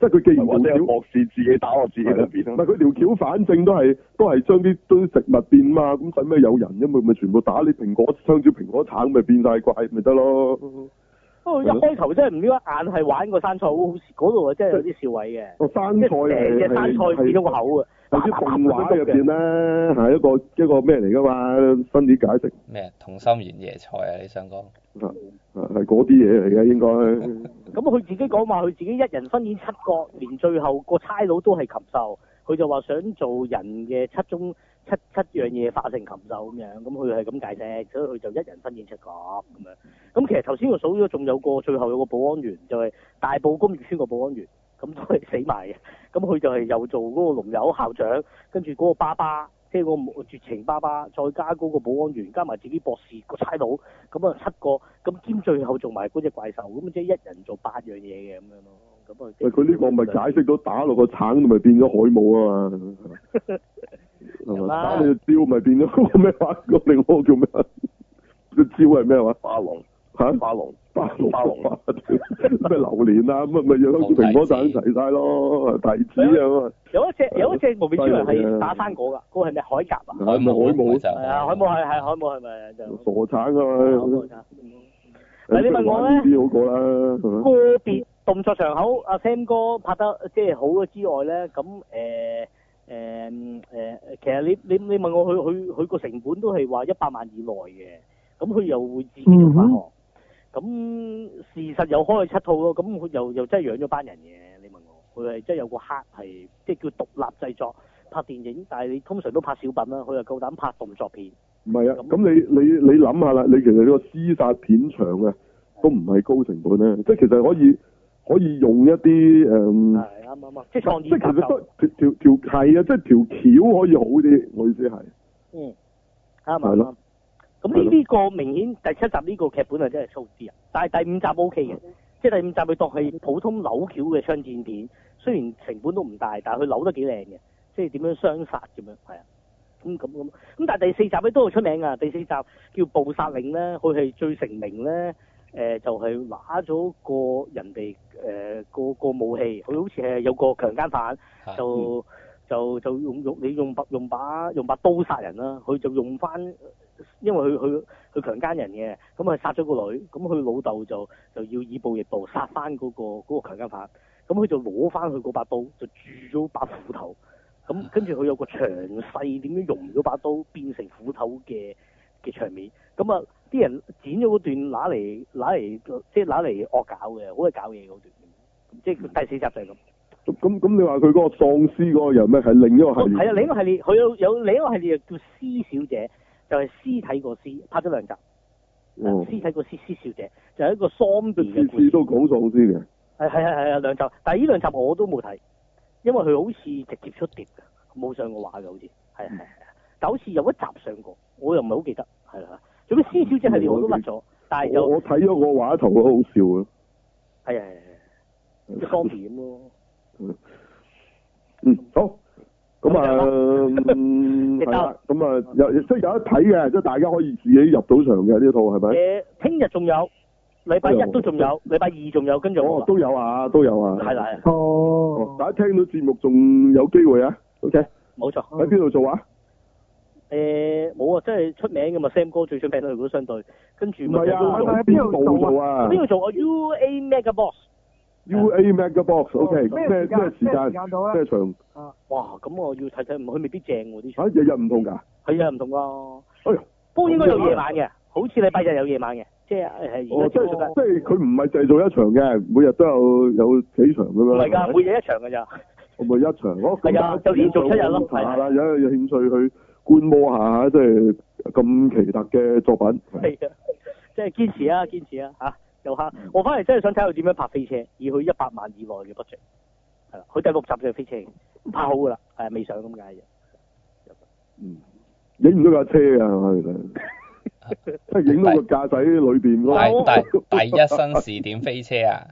即係佢既然唔咗惡事，自己打落自己度變啊。係佢條橋反正都係都係將啲堆食物變嘛，咁使咩有人，因為咪全部打你蘋果，香蕉、蘋果橙咪變晒怪咪得咯。嗯哦！一開頭真係唔知一眼係玩山、哦、山個山菜，好好似嗰度啊，真係有啲笑位嘅。個山菜嚟嘅係係係。有啲白話入面咧，係一個一個咩嚟噶嘛？分點解釋咩同心圓椰菜啊？你想講？啊係嗰啲嘢嚟嘅應該。咁 [laughs] 佢自己講話，佢自己一人分演七個，連最後個差佬都係禽獸。佢就話想做人嘅七宗。七七樣嘢化成禽獸咁樣，咁佢係咁解釋，所以佢就一人分演七角咁樣。咁其實頭先我數咗，仲有個最後有個保安員就係大埔工業村個保安員，咁、就是、都係死埋嘅。咁佢就係又做嗰個龍友校長，跟住嗰個爸爸，即係嗰個絕情爸爸，再加嗰個保安員，加埋自己博士、個差佬，咁啊七個，咁兼最後做埋嗰隻怪獸，咁即係一人做八樣嘢嘅咁樣咯。咁啊，佢呢、就是、個咪解釋到打落個橙，咪變咗海母啊嘛 [laughs] 啦，你蕉咪變咗咩話？個蘋果叫咩？個蕉係咩話？巴龍吓，巴龍，巴龍，巴龍，咩榴蓮啊？咁咪有好似蘋果仔齊晒咯，提子啊咁、嗯嗯嗯嗯、有一隻有一隻無名超人係打生果噶，嗰、嗯那個係咩？海甲啊？海母海母係、就是、啊！海母係係海母係咪傻橙噶啦？你問我咧？個別動作場口阿 Sam 哥拍得即係好之外咧，咁誒。是誒、嗯、誒、嗯，其實你你你問我佢佢佢個成本都係話一百萬以內嘅，咁佢又會自己做發行，咁、嗯、事實又開咗七套咯，咁佢又又真係養咗班人嘅。你問我，佢係真係有個客係，即、就、係、是、叫獨立製作拍電影，但係你通常都拍小品啦，佢又夠膽拍動作片。唔係啊，咁你你你諗下啦，你其實呢個廝殺片場啊，都唔係高成本嘅、嗯，即係其實可以。可以用一啲誒，啱、嗯、啱，即係、就是、創意即係其實得條條條啊，即係條橋可以好啲。我意思係，嗯，啱唔咁呢呢個明顯第七集呢個劇本啊，真係粗啲啊。但係第五集 OK 嘅，即係第五集佢當係普通扭橋嘅槍戰片，雖然成本都唔大，但係佢扭得幾靚嘅，即係點樣相殺咁樣係啊。咁咁咁，咁但係第四集咧都好出名啊。第四集叫暴殺令咧，佢係最成名咧。誒、呃、就係、是、拿咗個人哋誒、呃、個，個武器，佢好似係有個強姦犯，就、嗯、就就用用你用把用把用把刀殺人啦。佢就用翻，因為佢佢佢強姦人嘅，咁啊殺咗個女，咁、嗯、佢老豆就就要以暴易暴殺翻嗰個個嗰強姦犯，咁、嗯、佢就攞翻佢嗰把刀，就鑄咗把斧頭，咁、嗯、跟住佢有個詳細點樣用咗把刀變成斧頭嘅嘅場面，咁、嗯、啊。嗯。啲人剪咗嗰段拿嚟拿嚟即係拿嚟惡搞嘅，好鬼搞嘢嗰段，即係第四集就係咁。咁、嗯、咁你話佢嗰個喪屍嗰個人咩？係另一個系列。係、哦、啊，另一個系列，佢有有另一個系列叫屍小姐，就係、是、屍體個屍，拍咗兩集。哦。屍體個屍，屍小姐就係、是、一個喪屍嘅故事。次次都講喪屍嘅。係係係啊，兩、啊啊、集，但係呢兩集我都冇睇，因為佢好似直接出碟㗎，冇上過畫嘅好似，係係係，但好似有一集上過，我又唔係好記得，係啦、啊。咁咩？施小姐係連我都屈咗、嗯，但係有。我睇咗個畫圖都好笑嘅。係啊，即方便咯、啊。嗯。好。咁、嗯、啊，係、嗯、啦。咁啊、嗯嗯，有雖、就是、有得睇嘅，即、就、係、是、大家可以自己入到場嘅呢、這個、套係咪？誒，聽日仲有，禮拜一都仲有，禮拜、啊、二仲有，跟住、哦、都有啊，都有啊。係啦。哦。哦，大家聽到節目仲有機會啊，OK。冇、okay、錯。喺邊度做啊？誒，冇啊，即係出名噶嘛，Sam 哥最出名都佢嗰對，跟住乜嘢邊度做啊？邊度做 UA、UA、Mega Box、yeah. UA Mega Box OK，咩咩時間？咩場？啊，哇，咁我要睇睇，唔去未必正喎，啊、啲場。吓，日日唔同噶？係啊，唔同噶，啊啊。不都、哎、應該有夜晚嘅，好似禮拜日有夜晚嘅，啊啊啊，即係、啊、即係即係佢唔係製造一場嘅，每日都有有幾場噶嘛。係噶，啊，每日一場噶咋？我咪一， [laughs] 一場，我、哦。係啊，就連續七日咯。睇啦，有、啊啊、有興趣去。觀摩下，即係咁奇特嘅作品。係啊，即係堅持啊，堅持啊，吓、啊、又我反而真係想睇佢點樣拍飛車，以佢一百萬以內嘅 budget，係啦，佢第六集就飛車，拍好噶啦，係啊未上咁解嘅。嗯，影唔到，車 [laughs] 到個架車啊，即係影到個駕駛裏邊。第第第一身視點飛車啊！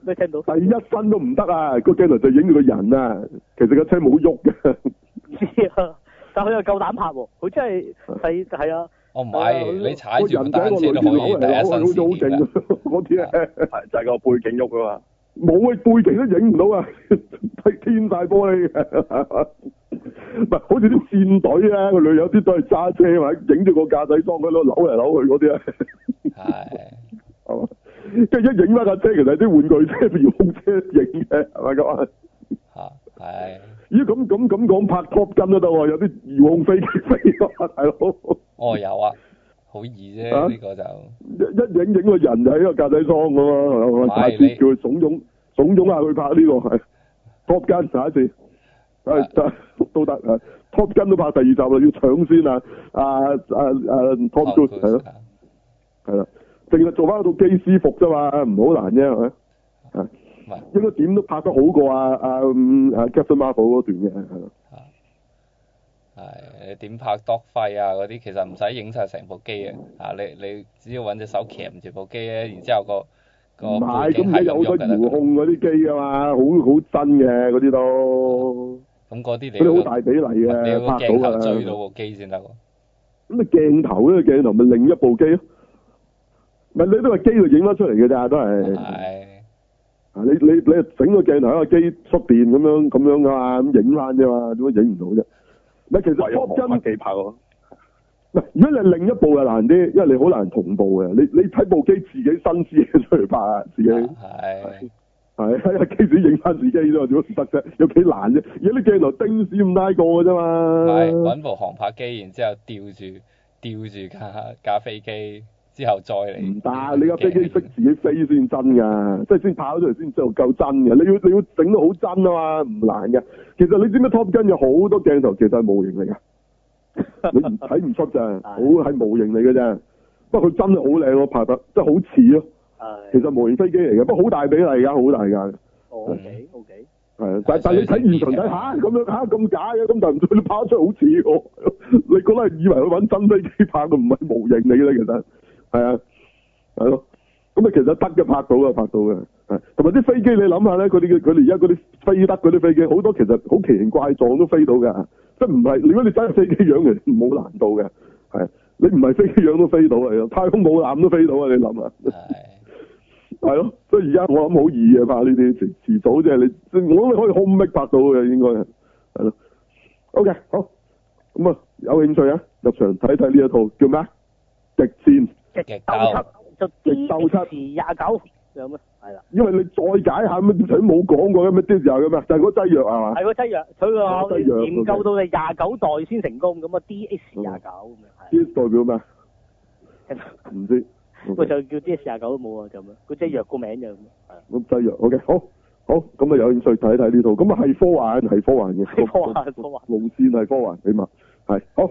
你聽到，第一身都唔得啊！那個鏡頭就影到個人啊，其實架車冇喐嘅。知啊。佢又夠膽拍喎，佢真係使，係啊！我唔係你踩住咁大個女嘅，我老早好勁啊！嗰啲啊，就係、係、個背景喐啊嘛，冇啊背景都影唔到啊，係 [laughs] 天大玻璃，唔係 [laughs] 好似啲戰隊啊個女有啲都係揸車嘛，影住個駕駛裝嗰度扭嚟扭去嗰啲啊，係係嘛？跟住一影翻架車，其實啲玩具車、兒童車影嘅係咪咁啊？ [laughs] 係、啊。咦、啊，咁咁咁講拍 Top Gun 都得喎，有啲遙控飛機飛大佬。哦，有啊，好易啫、啊，呢、啊這個就一一影影、哎啊這個人就喺個格仔倉喎，咯、啊，我下次叫佢慫恿慫恿下去拍呢個係 Top Gun 下次，誒，都得誒，Top Gun 都拍第二集啦，要搶先啊，啊啊啊，啊，Top Gun 係咯，係啦、啊，淨係、啊啊啊、做翻嗰套機師服啫嘛，唔好難啫、啊，係咪、啊應該點都拍得好過啊。啊，阿 Captain Marvel 嗰段嘅。係你點拍 dogfight 啊，嗰啲，其實唔使影晒成部機嘅。啊，你拍啊不拍的啊你，你只要揾隻手鉗住部機、那個嗯、啊。然之後、那個個背唔係咁，你好多模控嗰啲機啊嘛，好好真嘅嗰啲都。咁嗰啲你好大比例的有有拍的啊，你要鏡頭追到部機先得。咁你鏡頭咧，鏡頭咪另一部機咯。咪你都係機度影翻出嚟嘅咋，都係。啊啊你你你整個鏡頭喺個機出邊咁樣咁樣噶嘛，咁影翻啫嘛，點解影唔到啫？唔係其實拖真幾拍喎。如果你另一部就難啲，因為你好難同步嘅。你你睇部機自己新嘢出嚟拍，自己係係啊，機師影翻自己啫，點都得啫。有幾難啫？而家啲鏡頭釘屎咁拉過嘅啫嘛。係搵部航拍機，然之後吊住吊住架架飛機。之後再嚟，唔得，你架飛機識自己飛先真㗎 [laughs] 是先真㗎，即係先拍咗出嚟先知道夠真㗎。你要你要整到好真啊嘛，唔難㗎。其實你知唔知 Top Gun 有好多鏡頭其實係模型嚟㗎，你唔睇唔出咋，好 [laughs] 係模型嚟㗎咋。不過佢真係好靚咯，拍得真係好似咯。係，其實模型飛機嚟嘅，不過好大比例㗎，好大架。OK [laughs] OK。但但你睇現場睇下咁樣嚇咁假嘅，咁但唔對，你拍出嚟好似喎。 [laughs] 你嗰陣以為佢揾真飛機拍，佢唔係模型嚟㗎，其實。係啊，係咯，咁啊，其實得嘅拍到啊，拍到嘅，係同埋啲飛機，你諗下咧，佢哋佢哋而家嗰啲飛得嗰啲飛機，好多其實好奇形怪狀都飛到㗎。即係唔係，如果你真係飛機樣嘅，冇難度嘅，係、啊、你唔係飛機樣都飛到啊，太空母艦都飛到啊，你諗下，係，係咯、啊，所以想而家我諗好易嘅拍呢啲，遲早即係你，我都可以 home make 拍到嘅，應該係咯。啊、o、okay, K，好，咁啊，有興趣啊，入場睇睇呢一套叫咩？極限。極極舊，就 D S 廿九咁咩？係啦，因為你再解下咁，啲冇講過嘅，咩 D S 廿九咁就係嗰劑藥係嘛？係喎，劑藥，佢研究到你廿九代先成功咁啊，D S 廿九咁樣係。呢代表咩？唔 [laughs] 知道、 [laughs] okay. 就，就叫 D S 廿九都冇啊，咁咁，個劑藥個名就咁。咁劑藥，O K，好，好，咁啊，又趣睇睇呢套，咁啊係科幻，係科幻嘅，係科，科，科，科，科幻，科幻路線係科幻，起碼係好。